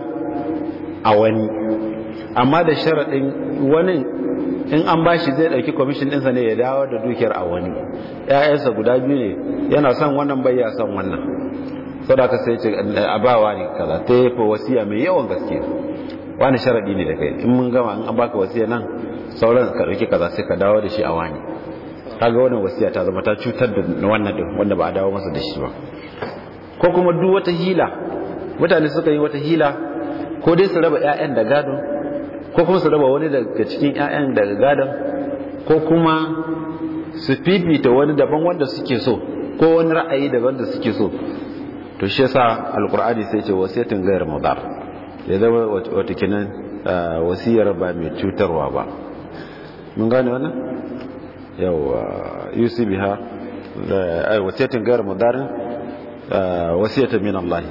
S1: a wani amma da sharaɗin wani in an ba shi zai ɗauki kwamishin ɗinsa ne ya dawo da dukiyar a wani ‘ya'yansa guda biyu ne yana son wannan bai ya son wannan sadaka sai ce a bawa ne kaza ta yi wasiya mai yawan gaske wani sharaɗi ne da kai in mun gama in an baka wasiya nan sauran ka ɗauki kaza sai ka dawo da shi a wani kaga wannan wasiya ta zama ta cutar da wannan din wanda ba a dawo masa da shi ba ko kuma duk wata hila mutane suka yi wata hila ko dai su raba ƴaƴan da gado ko kuma su raba wani daga cikin ƴaƴan daga gadon ko kuma su fifita wani daban wanda suke so ko wani ra'ayi daban da suke so to shi yasa alqur'ani sai ce wasiyatun ghayr mudar ya zama wata kenan ah, wasiyar ba mai cutarwa ba mun gane wannan yawa yusi biha wasiyatin gairar mudarin ah, wasiyata min Allah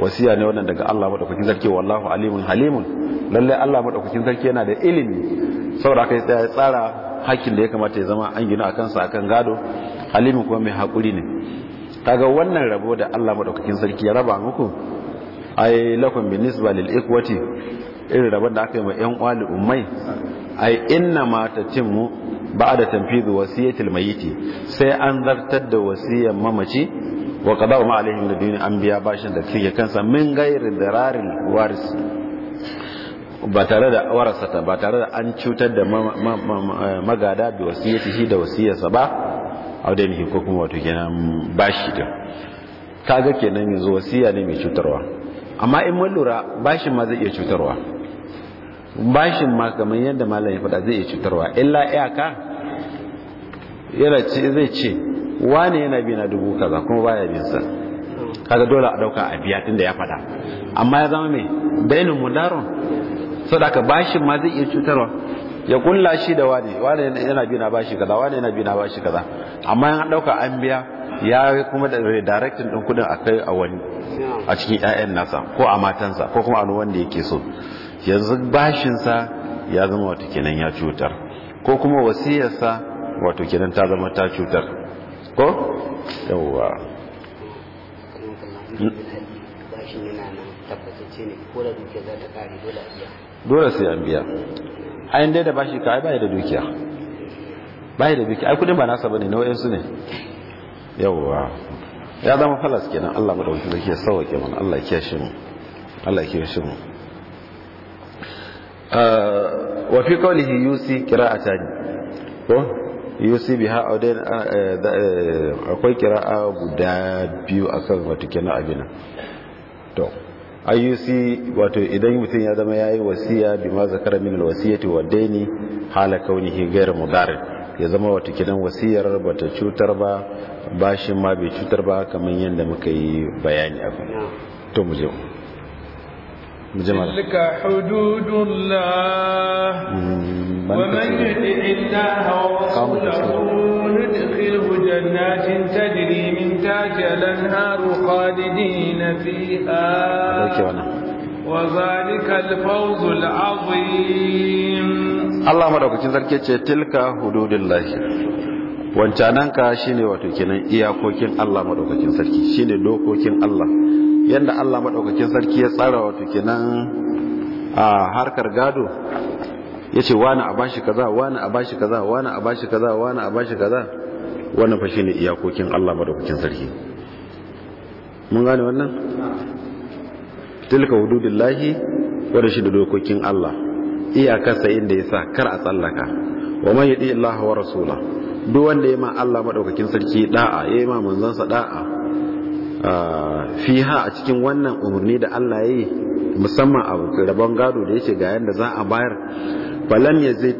S1: wasiya ne wannan daga Allah madaukakin sarki wallahu alimun halimun lalle Allah madaukakin sarki yana da ilimi saboda kai tsaya tsara hakkin da ya kamata ya zama an gina akan sa akan gado halimun kuma mai hakuri ne kaga wannan rabo da Allah madaukakin sarki ya raba muku ay lakum bin nisba lil ikwati irin rabon da aka yi ma yan uwa ummai ay inna ma tatimmu Ba'a ba'da tanfidh wasiyatil mayyiti sai an zartar da wasiyar mamaci wa qada'u ma alaihim ladina an biya bashin da kike kansa min ghairi dararin waris ba tare ba tare da an cutar da eh, magada da wasiyatihi da wasiyarsa ba audanihi ko kuma wato kenan bashi din kaga kenan yanzu wasiya ne mai cutarwa amma in mun lura bashin ma zai iya cutarwa bashin ma kamar yadda malam ya faɗa zai iya cutarwa illa iyaka zai ce wane yana bi na dubu kaza kuma baya bin sa kaga dole a dauka a biya tunda ya faɗa amma ya zama mai bainu mudarun saboda bashin ma zai iya cutarwa ya kulla shi da wane wane yana bi na bashi kaza wane yana bi na bashi kaza amma an dauka an biya ya kuma da redirecting din kudin akai a wani a cikin ƴaƴan nasa ko a matansa ko kuma a wanda yake so yanzu bashinsa ya zama wato kenan ya cutar ko kuma wasiyarsa wato kenan ta zama ta cutar ko yawwa hmm? dole sai an biya ayin dai da bashi ka bayi bai da dukiya bayi da dukiya ai kudin ba nasa bane na wayansu ne yawwa ya zama falas kenan Allah madaukakin sarki ya sauwa mana Allah ya shi mu Allah ya shi mu wa fi qawlihi yusi qira'atani ko yusi biha audain akwai a guda biyu kan wato kenan abin to ayyusi wato idan mutum ya zama ya yi wasiya bima zakara min alwasiyati wa daini hala kaunihi ghayr mudarid ya zama wato kenan wasiyar bata cutar ba bashin ma bai cutar ba kamar yadda muka yi bayani abin to mu mu تلك
S2: حدود الله ومن يطع الله ورسوله ندخله جنات تجري من تحتها الانهار خالدين فيها وذلك الفوز العظيم
S1: الله مدوكين sarki ce tilka hududillahi wancananka shine wato kenan iyakokin Allah madaukakin sarki shine dokokin Allah yadda Allah maɗaukakin sarki ya tsara wato kenan a harkar gado ya ce wani a bashi kaza wani a bashi kaza wani a bashi kaza wani a bashi kaza wannan fa shine iyakokin Allah maɗaukakin sarki mun gane wannan tilka lahi wadda shi da dokokin Allah iyakarsa inda ya sa kar a tsallaka wa man ɗi Allah wa rasula duk wanda ya ma Allah maɗaukakin sarki da'a ya yi ma manzansa da'a Ah, fiha a cikin wannan umarni da Allah ya yi musamman a rabon gado da yake ga yadda za a bayar falam ya zai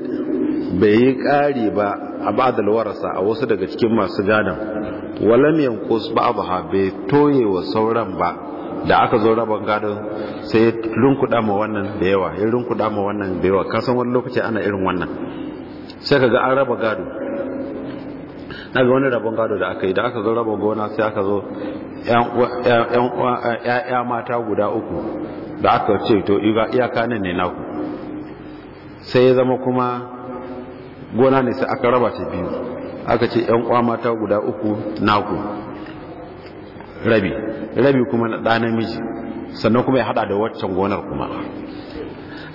S1: bai yi ƙari ba a ba da lawarasa a wasu daga cikin masu gadon walam kusa ba abu ha bai toye wa sauran ba da aka zo rabon gado sai rinkuɗa ma wannan da yawa ya rinkuɗa ma wannan da yawa kasan wani lokaci ana irin wannan sai ka ga an raba gado na ga wani rabon gado da aka yi da aka zo rabon gona sai aka zo ya mata guda uku da aka ce to iyaka nan ne naku sai ya zama kuma gona ne sai aka raba ta biyu aka ce ‘yan mata guda uku naku rabi rabi kuma na ɗa namiji sannan kuma ya hada da waccan gonar kuma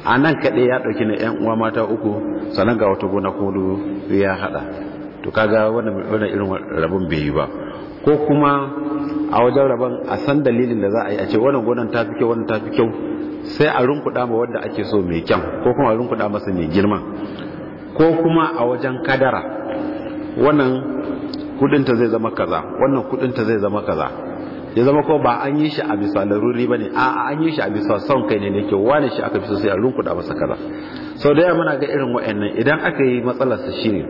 S1: a nan kaɗai ya ɗauki na ‘yan uwa mata uku sannan ga wata gona kuma ya hada to kaga wannan irin rabon bai yi ba ko kuma a wajen rabon a san dalilin da za a yi a ce wannan gonan ta fi kyau wannan ta fi kyau sai a rinkuɗa ma wanda ake so mai kyan ko kuma a rinkuɗa masa mai girma ko kuma a wajen kadara wannan ta zai zama kaza wannan ta zai zama kaza ya zama ko ba an yi shi a bisa laruri ba ne a'a an yi shi a bisa son kai ne ne ke wani shi aka fi so sai a rinkuɗa masa kaza sau da yawa muna ga irin wa'annan idan aka yi matsalarsa shi ne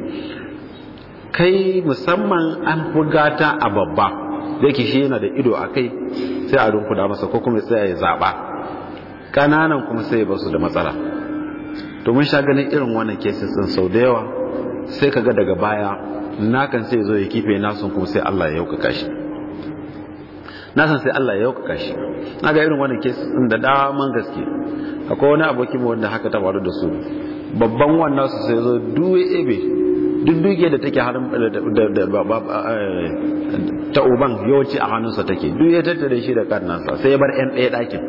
S1: kai musamman an bugata a babba da yake shi yana da ido a kai sai a rumfuda masa ko kuma sai ya zaɓa ƙananan kuma sai ba su da matsala Domin sha ganin irin wannan kesis ɗin sau da yawa sai ka ga daga baya nakan sai zo ya kife nasun kuma sai Allah ya yaukaka shi nasan sai Allah ya yaukaka shi na ga irin wannan kesis ɗin da daman gaske akwai wani abokin wanda haka ta faru da su babban wannan su sai zo duwe ebe duk da take harin eh, ta uban yawanci a hannunsa take duk ya tattare shi da karnansa sai ya bar yan ɗaya ɗakin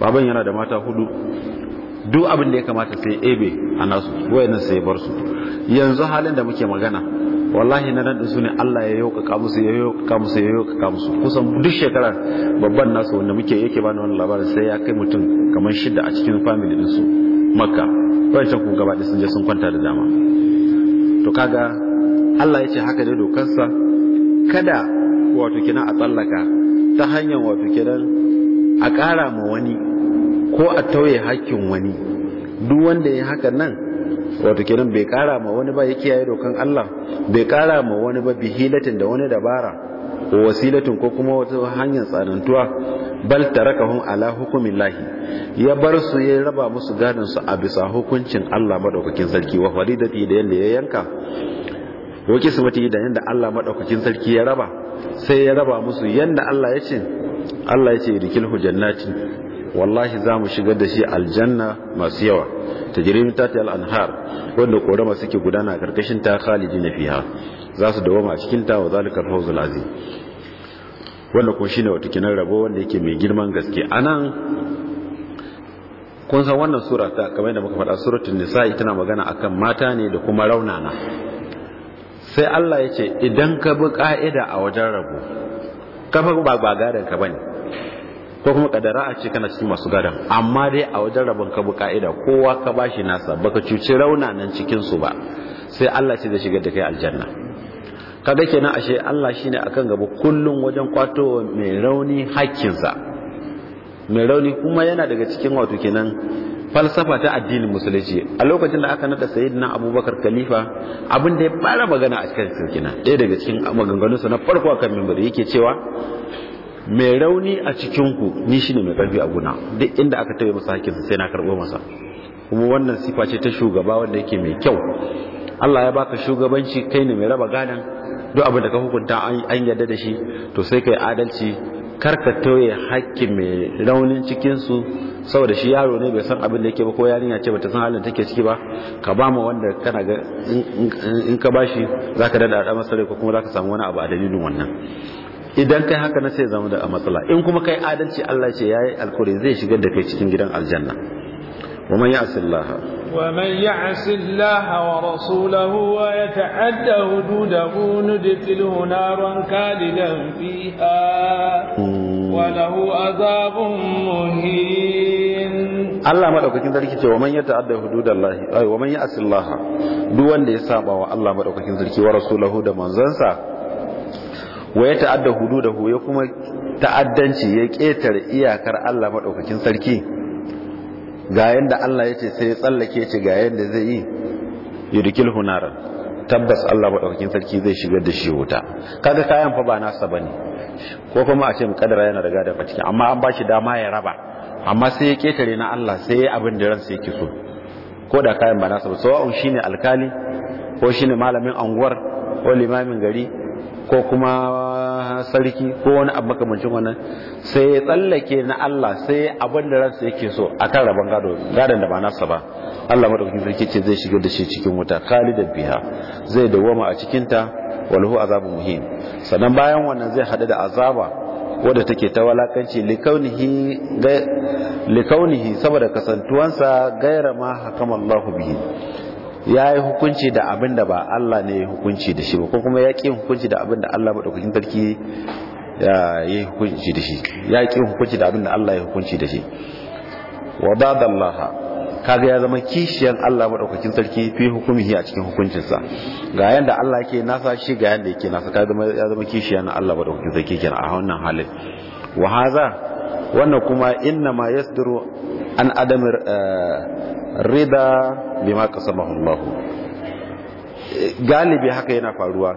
S1: baban yana da mata hudu duk abin da ya kamata sai ebe a nasu wayannan sai bar su yanzu halin da muke magana wallahi na nan su ne Allah ya yaukaka musu ya yaukaka musu ya yaukaka musu kusan duk shekarar babban nasu wanda muke yake bani wannan labarin sai ya kai mutum kamar shidda a cikin famili din su makka wancan ku gaba sun je sun kwanta da dama to kaga Allah ya ce haka da dokarsa kada wato kina a tsallaka ta hanyar wato kiran a ƙara ma wani ko a tauye hakkin wani duk wanda ya haka nan wato kiran bai ƙara ma wani ba ya kiyaye dokan Allah bai ƙara ma wani ba bihilatin da wani dabara ko wasilatin ko kuma wata hanyar tsanantuwa bal tarakahum ala hukumillahi ya bar su ya raba musu gadon su a bisa hukuncin Allah madaukakin sarki wa faridati da yadda ya yanka su kismati da yanda Allah madaukakin sarki ya raba sai ya raba musu yadda Allah ya ce Allah ya ce rikilhu wallahi za mu shigar da shi aljanna masu yawa ta jirin ta al'anhar wanda ƙorama suke gudana a karkashin ta khalidi na fiha za su dawama a cikin ta wa zalikar fawzul azim wanda ko shine wato kinan rabo wanda yake mai girman gaske anan kun san wannan sura ta kamar yadda muka faɗa suratul nisa tana magana akan mata ne da kuma raunana sai Allah ya idan ka bi ka'ida a wajen rabo kafa ba ba gadan ka bane ko kuma kadara a ce kana cikin masu gadan amma dai a wajen rabon ka bi ka'ida kowa ka bashi nasa baka cuci raunanan cikin su ba sai Allah ce zai shiga da kai aljanna kaga kenan ashe Allah shine akan gaba kullum wajen kwato mai rauni hakkinsa mai rauni kuma yana daga cikin wato kenan falsafa ta addinin musulunci a lokacin da aka nada sayyidina abubakar khalifa abin da ya fara magana a cikin sirkina ɗaya daga cikin maganganunsa na farko a kan mimbar yake cewa mai rauni a cikinku ni shi ne mai karfi a guna duk inda aka taɓa masa hakkin sai na karɓo masa kuma wannan sifa ce ta shugaba wanda yake mai kyau Allah ya baka shugabanci kai ne mai raba gadon? duk abin da ka hukunta an yarda da shi to sai kai adalci kar ka haƙƙi hakkin mai raunin cikinsu su saboda shi yaro ne bai san abin da yake ba ko yarinya ce bata san halin take ciki ba ka ba mu wanda kana ga in ka bashi ka dada a masa ko kuma za ka samu wani abu a dalilin wannan idan kai haka na sai zama da matsala in kuma kai adalci Allah ce ya yi alkuri zai shigar da kai cikin gidan aljanna ومن يعص الله
S2: ومن يعص الله ورسوله ويتعدى حدوده ندخله نارا خالدا فيها وله عذاب مهين Allah
S1: madaukakin sarki ce wa man yata'adda hududallahi ay wa man ya'si duk wanda ya saba wa Allah madaukakin sarki wa rasulahu da manzansa wa yata'adda ya kuma ta'addanci ya ƙetare iyakar Allah madaukakin sarki ga yadda Allah ya ce sai ya tsallake ce ga yadda zai yi yurikil hunaran tabbas Allah maɗaukakin sarki zai shigar da shi wuta kaga kayan fa ba nasa ba ne, ko kuma a ce mu kadara yana riga da faciki amma an ba shi dama ya raba amma sai ya ketare na Allah sai ya abin da ransa yake so ko da kayan ba nasa ba shi ne alkali ko shi ne malamin anguwar ko limamin gari ko kuma sarki ko wani abu makamancin wannan sai ya tsallake na Allah sai abin da ransa yake so a kan rabon gado gadon da ba nasa ba Allah madaukakin sarki ce zai shigar da shi cikin wuta khalidan biha zai dawwama a cikin ta walahu azabun muhim sannan bayan wannan zai haɗu da azaba wadda take ta walakanci likaunihi saboda kasantuwansa gaira ma hakama bihi ya yi hukunci da abin da ba Allah ne ya yi hukunci da shi ba ko kuma ya ƙi hukunci da abin da Allah maɗaukakin sarki ya yi hukunci da shi ya ƙi hukunci da abin da Allah ya hukunci da shi da Allah kaga ya zama kishiyan Allah maɗaukakin sarki fi hukumihi a cikin hukuncinsa ga da Allah yake nasa shi ga yanda yake nasa kaga ya zama kishiyan Allah maɗaukakin sarki kenan a wannan halin wa haza wannan kuma inna ma yasduru an adam eh, rida bima qasamahu Allah galibi haka yana faruwa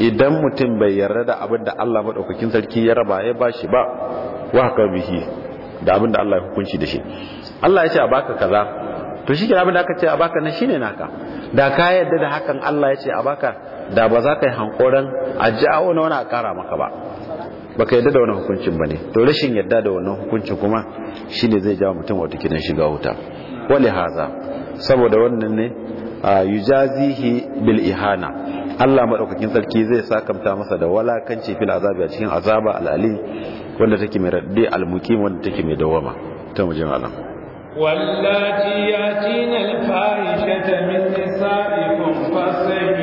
S1: idan mutum bai yarda da abin da Allah madaukakin sarki ya raba ya bashi ba wa haka bihi da abin da Allah ya hukunci da shi Allah ya ce a baka kaza to shi abin da aka ce a baka na shine naka da ka yarda da hakan Allah ya ce a baka da ba za ka yi hankoran a jawo na wani a kara maka ba baka yadda da wani hukuncin ba ne to rashin yadda da wani hukuncin kuma shi ne zai jawo mutum wata kinan shiga wuta wani haza saboda wannan ne yujazihi bil ihana Allah maɗaukakin sarki zai sakamta masa da walakanci fil azabi a cikin azaba al'ali wanda take mai raɗe al wanda take mai dawama ta mu ya ci na
S2: al ta min ikon fasayyi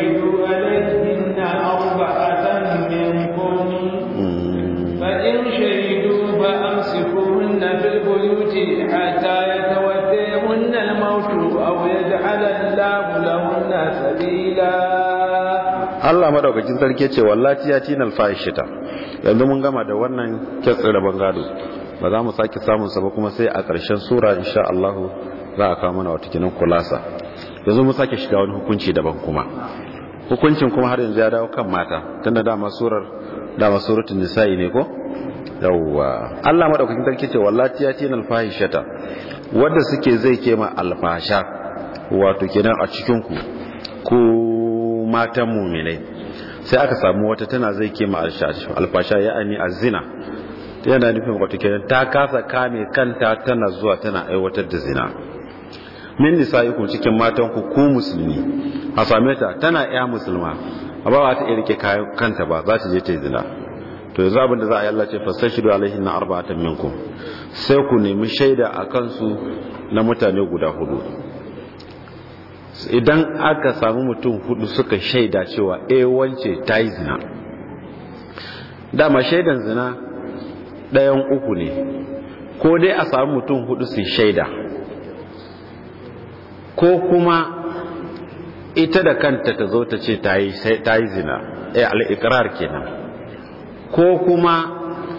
S2: sabila
S1: Allah madaukakin sarki yace wallahi ya tina fahishita yanzu mun gama da wannan kitsin rabon gado ba za mu saki samun sa ba kuma sai a ƙarshen sura insha Allah za a kawo mana wata kinin kulasa yanzu mun saki shiga wani hukunci daban kuma hukuncin kuma har yanzu ya dawo kan mata tunda dama surar dama suratul nisa'i ne ko yawwa Allah madaukakin sarki yace wallahi ya tina fahishata wanda suke zai kema alfasha wato kenan a cikin ku ko matan muminai sai aka samu wata tana zai kema alfasha ya ani zina. yana nufin wata kenan ta kasa kame kanta tana zuwa tana aiwatar da zina min nisa'ikum cikin matan ku ku musulmi a same ta tana ya musulma a ba ta irke kayan kanta ba za ta je ta zina to yanzu abin da za a yi Allah ce fastashidu alaihin na arba'atan minkum sai ku nemi shaida a kansu na mutane guda hudu idan aka samu mutum hudu suka shaida cewa a eh, wance ta yi zina dama shaidan zina ɗayan uku ne ko dai a samu mutum hudu su shaida ko kuma ita da kanta ta zo ta ce ta yi zina a eh, al'ikirar kenan ko kuma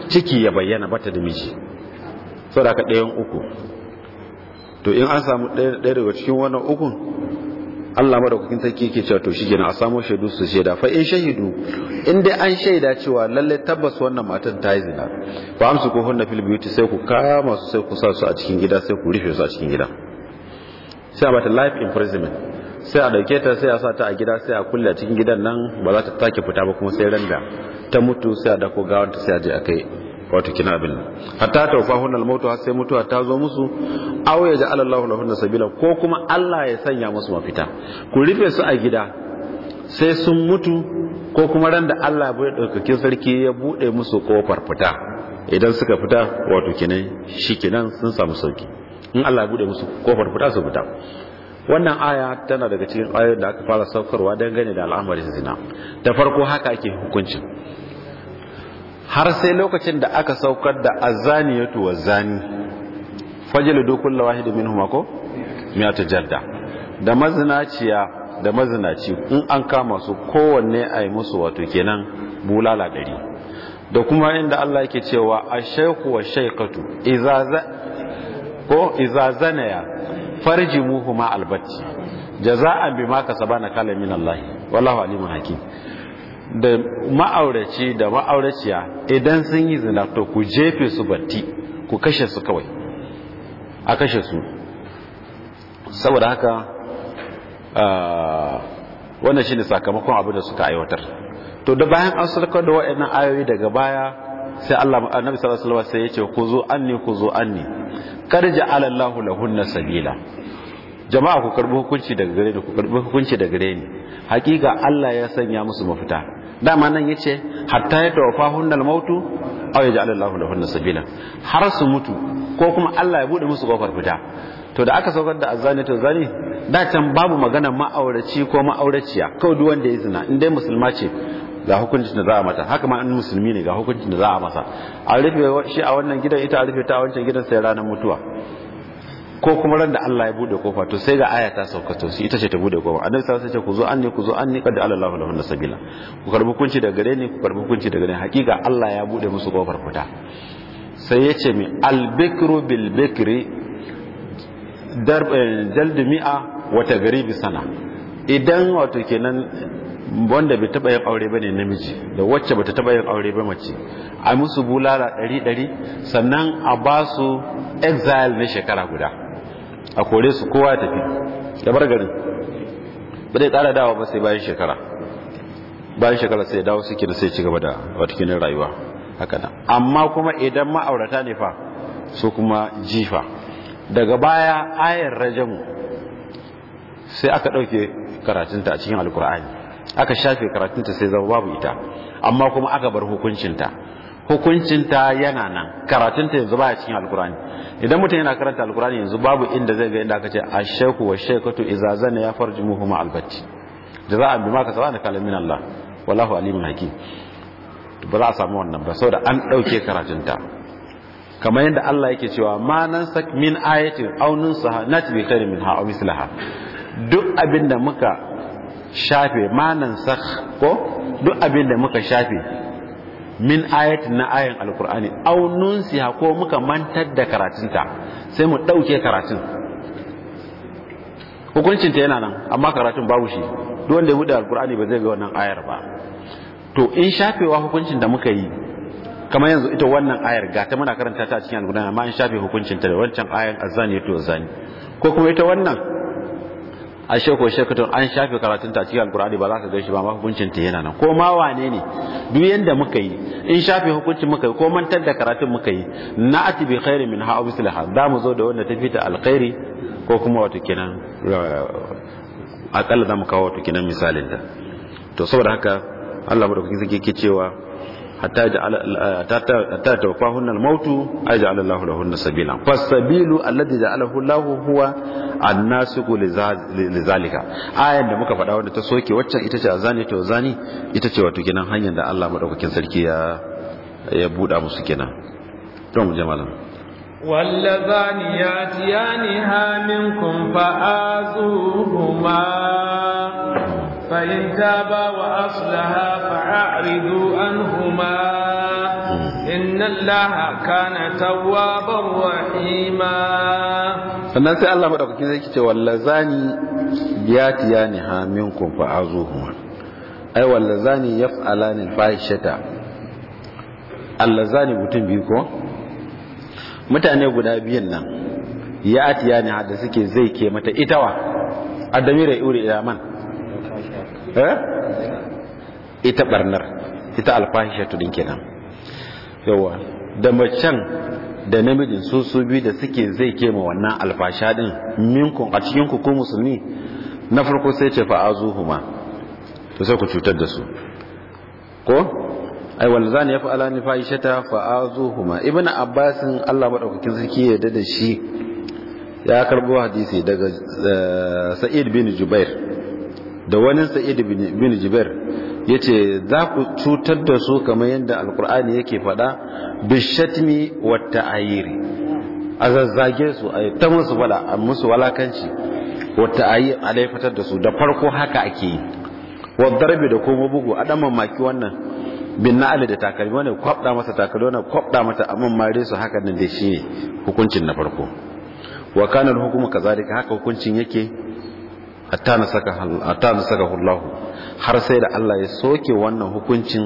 S1: ciki ya bayyana bata da miji da ka ɗayan uku to in an samu ɗaya daga cikin wannan ukun Allah madaukakin sarki yake cewa to shikenan a samo shaidu su shaida fa in shahidu in dai an shaida cewa lalle tabbas wannan matan ta yi zina fa amsu ko hunna fil biyuti sai ku kama su sai ku sa su a cikin gida sai ku rufe su a cikin gida sai a bata life imprisonment sai a dauke ta sai a sa ta a gida sai a kulle a cikin gidan nan ba za ta take fita ba kuma sai randa ta mutu sai a dako gawanta sai a je a kai wato kina abin hatta tawfahun al har sai mutuwa ta zo musu aw ya ja'ala Allahu lahunna sabila ko kuma Allah ya sanya musu mafita ku rufe su a gida sai sun mutu ko kuma ran da Allah buɗe ɗaukakin sarki ya buɗe musu kofar fita idan suka fita wato kenan kinan sun samu sauki in Allah ya bude musu kofar fita su fita wannan aya tana daga cikin ayoyin da aka fara saukarwa dangane da al'amarin zina da farko haka ake hukuncin har sai lokacin da aka saukar da azani ya tuwa zani fajilu dukkan lawahi domin humako miyata jarda da mazinaciya da mazinaci in an kama su kowanne a yi musu wato kenan bulala ɗari da kuma inda Allah yake cewa a shaiku wa shaikatu ko ya farji muhu ma albarci jaza'an bi ma kasaba na kalamin Allah wallahu alimun hakim da ma'auraci da ma'auraciya idan sun yi zina to ku jefe su batti ku kashe su kawai a kashe su saboda haka wannan ne sakamakon abin da suka aiwatar to da bayan an sarkar da wa'in ayoyi daga baya sai Allah annabi sallallahu alaihi wasallam sai ya ce ku zo anni ku zo anni kar ala Allahu lahunna sabila jama'a ku karbi hukunci daga gare ni ku karbi hukunci daga gare ni hakika Allah ya sanya musu mafita dama nan yace hatta ya tawafa al-mautu aw yaj'al Allahu lahunna sabila har su mutu ko kuma Allah ya bude musu kofar fita to da aka saukar da azzani to zani da can babu magana ma'auraci ko ma'auraciya kawai duk wanda ya zina in dai musulma ce ga hukuncin da za a mata haka ma in musulmi ne ga hukuncin da za a masa a rufe shi a wannan gidan ita a rufe ta a wancan gidan sai ranar mutuwa ko kuma ran da Allah ya bude kofa to sai ga aya ta sauka to ita ce ta bude kofa annabi sai alaihi ku zo an ne ku zo an ne kada Allah lahu nasabila ku karbi kunci daga gare ni ku karbi kunci daga gare ni hakika Allah ya bude musu kofar fita sai ya ce mi al-bikru bil bikri eh, jald mi'a wa tagribi sana idan wato kenan wanda bai taba yin aure bane namiji da wacce bata taba yin aure ba mace a musu bulala 100 sannan a ba su exile na shekara guda a kore su kowa ya tafi da bar ba zai tsara dawa ba sai bayan shekara bayan shekara sai dawa dawo suke da sai ci gaba da watakinin rayuwa haka nan amma kuma idan ma'aurata ne fa su kuma jifa daga baya ayar rajamu sai aka ɗauke karatunta a cikin alkur'ani aka shafe karatunta sai zama babu ita amma kuma aka bar hukuncinta hukuncinta yana nan karatunta yanzu baya cikin alkur'ani idan mutum yana karanta alkurani yanzu babu inda zai ga inda aka ce ashaiku wa shaikatu idza zana ya farjumuhu ma albatti jaza'an bima kasaba da kalamin Allah wallahu alimun hakim ba za a samu wannan ba saboda an dauke ta. kamar yadda Allah yake cewa ma nan sak min ayatin aw nunsaha nati bi khairin minha aw mislaha duk abinda muka shafe ma nan sak ko duk abinda muka shafe min ayat na ayan alkur'ani au nunsiha ko muka mantar da karatunta sai mu ɗauke karatun Hukuncin ta yana nan amma karatun babu shi duk wanda ya buɗe alkur'ani ba zai ga wannan ayar ba to in shafewa hukuncin da muka yi kamar yanzu ita wannan ayar ga ta muna karanta ta a cikin alkur'ani amma in shafe hukuncin ta da wancan ayan azani to azani ko kuma ita wannan a ko shekatun an shafe karatun ta cikin alkur'ani ba za ka gan shi ba ma hukuncin ta yana nan ko ma wane ne duk yanda muka yi in shafe hukuncin muka yi ko mantar da karatun muka yi na ati bi khairi min ha abuslaha za mu zo da wanda ta fita alkhairi ko kuma wata kenan akalla za mu kawo wata kenan misalin da to saboda haka Allah madaukakin sarki cewa hatta hatta tawaffahunna al-mautu aj'ala Allahu lahunna sabila fasabilu alladhi ja'alahu Allahu huwa an-nasiqu lizalika ayan da muka faɗa wanda ta soke waccan ita ce azani to zani ita ce wato kenan hanyar da Allah madaukakin sarki ya ya buɗa musu kenan don mu je malam
S2: واللذان ياتيانها منكم فآذوهما فإن تابا وأصلها
S1: فأعرضوا
S2: عنهما إن الله كان توابا رحيما
S1: sannan sai Allah madaukakin zai ce wallazani biyatiyani ha minkum fa'azuhuma ai wallazani yaf'alani al-fahishata allazani mutum biyu ko mutane guda biyan nan ya atiyani ha da suke zai ke mata itawa adamira yuri ila man Eh? ita barnar ita alfahishatu din kenan yawa da macen da namijin sun su biyu da suke zai kema wannan alfasha din minkun a cikin ku ko musulmi na farko sai ce fa azuhuma to sai ku cutar da su ko ai walzan ya fa'ala ni fa'ishata fa azuhuma ibnu abbasin Allah madaukakin sarki ya da shi ya karbo hadisi daga eh, sa'id bin jubair da wani sa'id bin ya ce za ku cutar da su kamar yadda alkur'ani yake faɗa bishatmi wata ayiri a zazzage su a ta musu fada a musu walakanci wata ayi a laifatar da su da farko haka ake yi wa da kuma bugu a dan mamaki wannan bin na'ali da takalmi wani kwabda masa takalmi wani kwabda mata amman mare su haka nan da shi hukuncin na farko wa kanar hukumu ka haka hukuncin yake hatta na saka hullahu har sai da Allah ya soke wannan hukuncin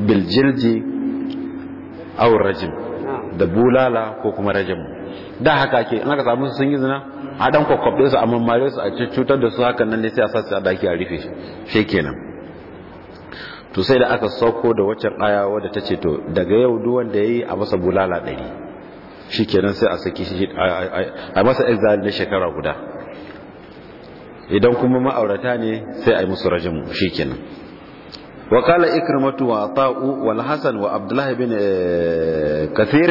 S1: biljirji awon rajim da bulala ko kuma rajim da haka ke in aka samu sun yi zina a dan kwakwabe su a mare su a cutar da su hakan nan ne sai a sa a daki a rufe shi kenan to sai da aka sauko da waccan aya wadda ta ce to daga yau duk wanda yi a masa bulala ɗari kenan sai a saki shi a masa exile na shekara guda idan kuma ma'aurata ne sai a yi musu shi kenan wa kala ikrimatu wa ta'u wal hasan wa abdullah ibn eh, kathir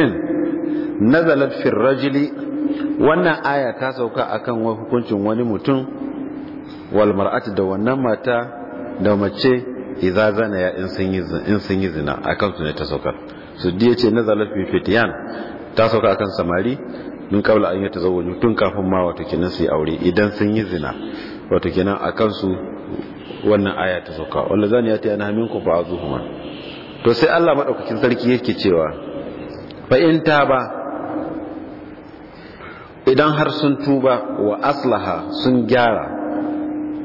S1: nazalat fi rajuli wannan aya ta sauka akan hukuncin wani mutum wal mar'ati da wannan mata da mace idza zana ya in sun yi in sun yi zina akan su ne ta saukar su diye ce nazalat fi fitiyan ta sauka akan samari min kabla an yata zawaju tun kafin ma wato kenan su yi aure idan sun yi zina wato kenan a kansu wannan aya ta sauka wanda zan ya ta yana ba fa ma. to sai Allah madaukakin sarki yake cewa fa in ba idan har sun tuba wa aslaha sun gyara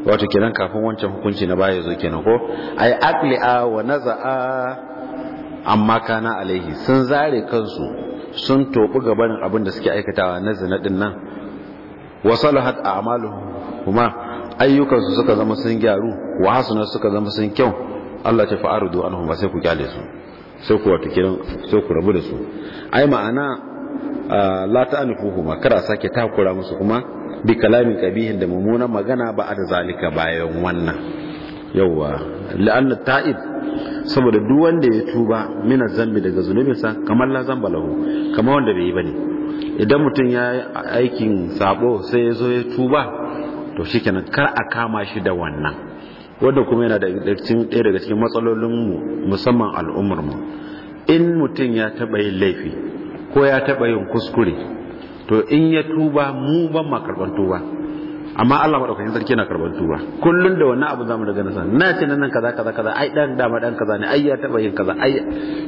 S1: wato kenan kafin wancan hukunci na baya zo kenan ko ay aqli'a wa naza'a amma kana alaihi sun zare kansu sun tobi gabanin abin da suke aikatawa na zina din nan wa salahat a'maluhum kuma ayyukan su suka zama sun gyaru wa hasuna suka zama sun kyau Allah ta fa'arudu anhum ba sai ku kyale su sai ku wato kiran sai ku rabu da su ai ma'ana la ta'anifu kuma kada sake takura musu kuma bi kalamin kabihin da mummunan magana ba a da zalika bayan wannan yawwa la'anna ta'ib saboda duk wanda ya tuba mina zambi daga zunubinsa kamar la zamba lahu kamar wanda bai yi bane idan mutum ya yi aikin sabo sai ya zo ya tuba to shikenan kar a kama shi da wannan wanda kuma yana da ɗaya daga cikin matsalolinmu musamman al'ummar mu in mutum ya taɓa yin laifi ko ya taɓa yin kuskure to in ya tuba mu ban ma karɓar tuba amma Allah madaukakin sarki na karban tuba kullun da wannan abu zamu daga nasa na ce nan kaza kaza kaza ai dan dama dan kaza ne ai ya taba yin kaza ai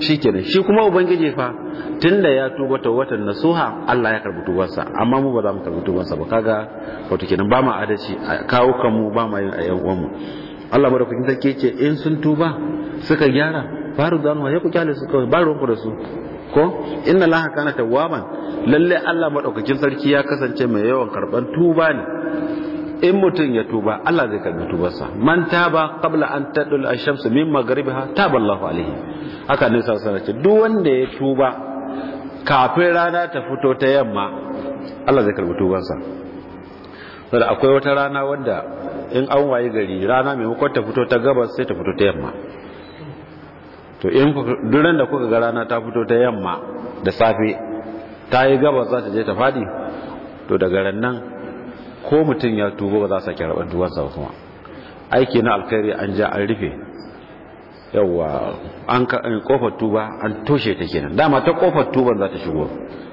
S1: shikenan shi kuma ubangiji fa tunda ya tuba ta watan nasuha Allah ya karbi tubarsa amma mu ba za mu karbi tubarsa ba kaga wato kenan ba mu adalci kawo kan mu ba mu yin ayyan uwan mu Allah madaukakin sarki ce in sun tuba suka gyara faru zanu ya ku kyale su kawai ba ku da su ko inna laha kana tawwaban lalle Allah madaukakin sarki ya kasance mai yawan karban tuba ne in mutum ya tuba Allah zai karbi tubarsa man taba qabla an tadul ash shams min maghribiha taba Allahu alaihi haka ne sa sanar ce duk wanda ya tuba kafin rana ta fito ta yamma Allah zai karbi tubarsa sai akwai wata rana wanda in an waye gari rana maimakon ta fito ta gabas sai ta fito ta yamma to in duran da kuka ga rana ta fito ta yamma da safe ta yi gaba za ta je ta fadi to daga rannan ko mutum ya tubo ba za su karɓar duwansa kuma aiki na alkhairi an ja an rufe yawa an kofar tuba an toshe ta kenan dama ta kofar tuban za ta shigo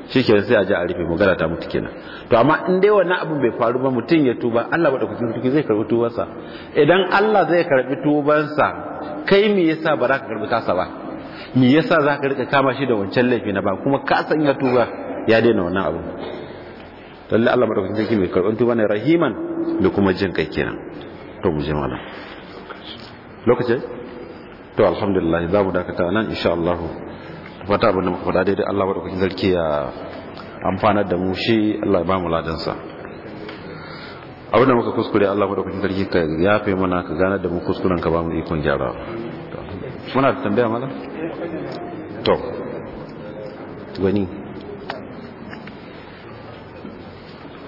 S1: shikenan sai a ji a rufe magana ta mutu kenan to amma in dai wannan abin bai faru ba mutum ya tuba Allah ba da kukin zai karbi tubansa idan Allah zai karbi tubansa kai me yasa ba za ka karbi kasa ba me yasa za ka rika kama shi da wancan laifi na ba kuma ka san ya tuba ya daina wannan abu lalle Allah madaukakin sarki mai karbi tuba ne rahiman da kuma jin kai kenan to mu je malam lokaci to alhamdulillah za mu dakata nan insha Allah fata abin da muka fada daidai Allah maɗaukakin zarki ya amfanar da mu shi Allah ya ba mu ladansa abin da muka kuskure Allah maɗaukakin zarki ka yafe mana ka ganar da mu kuskuren ka ba mu ikon gyara muna da tambaya mana to gani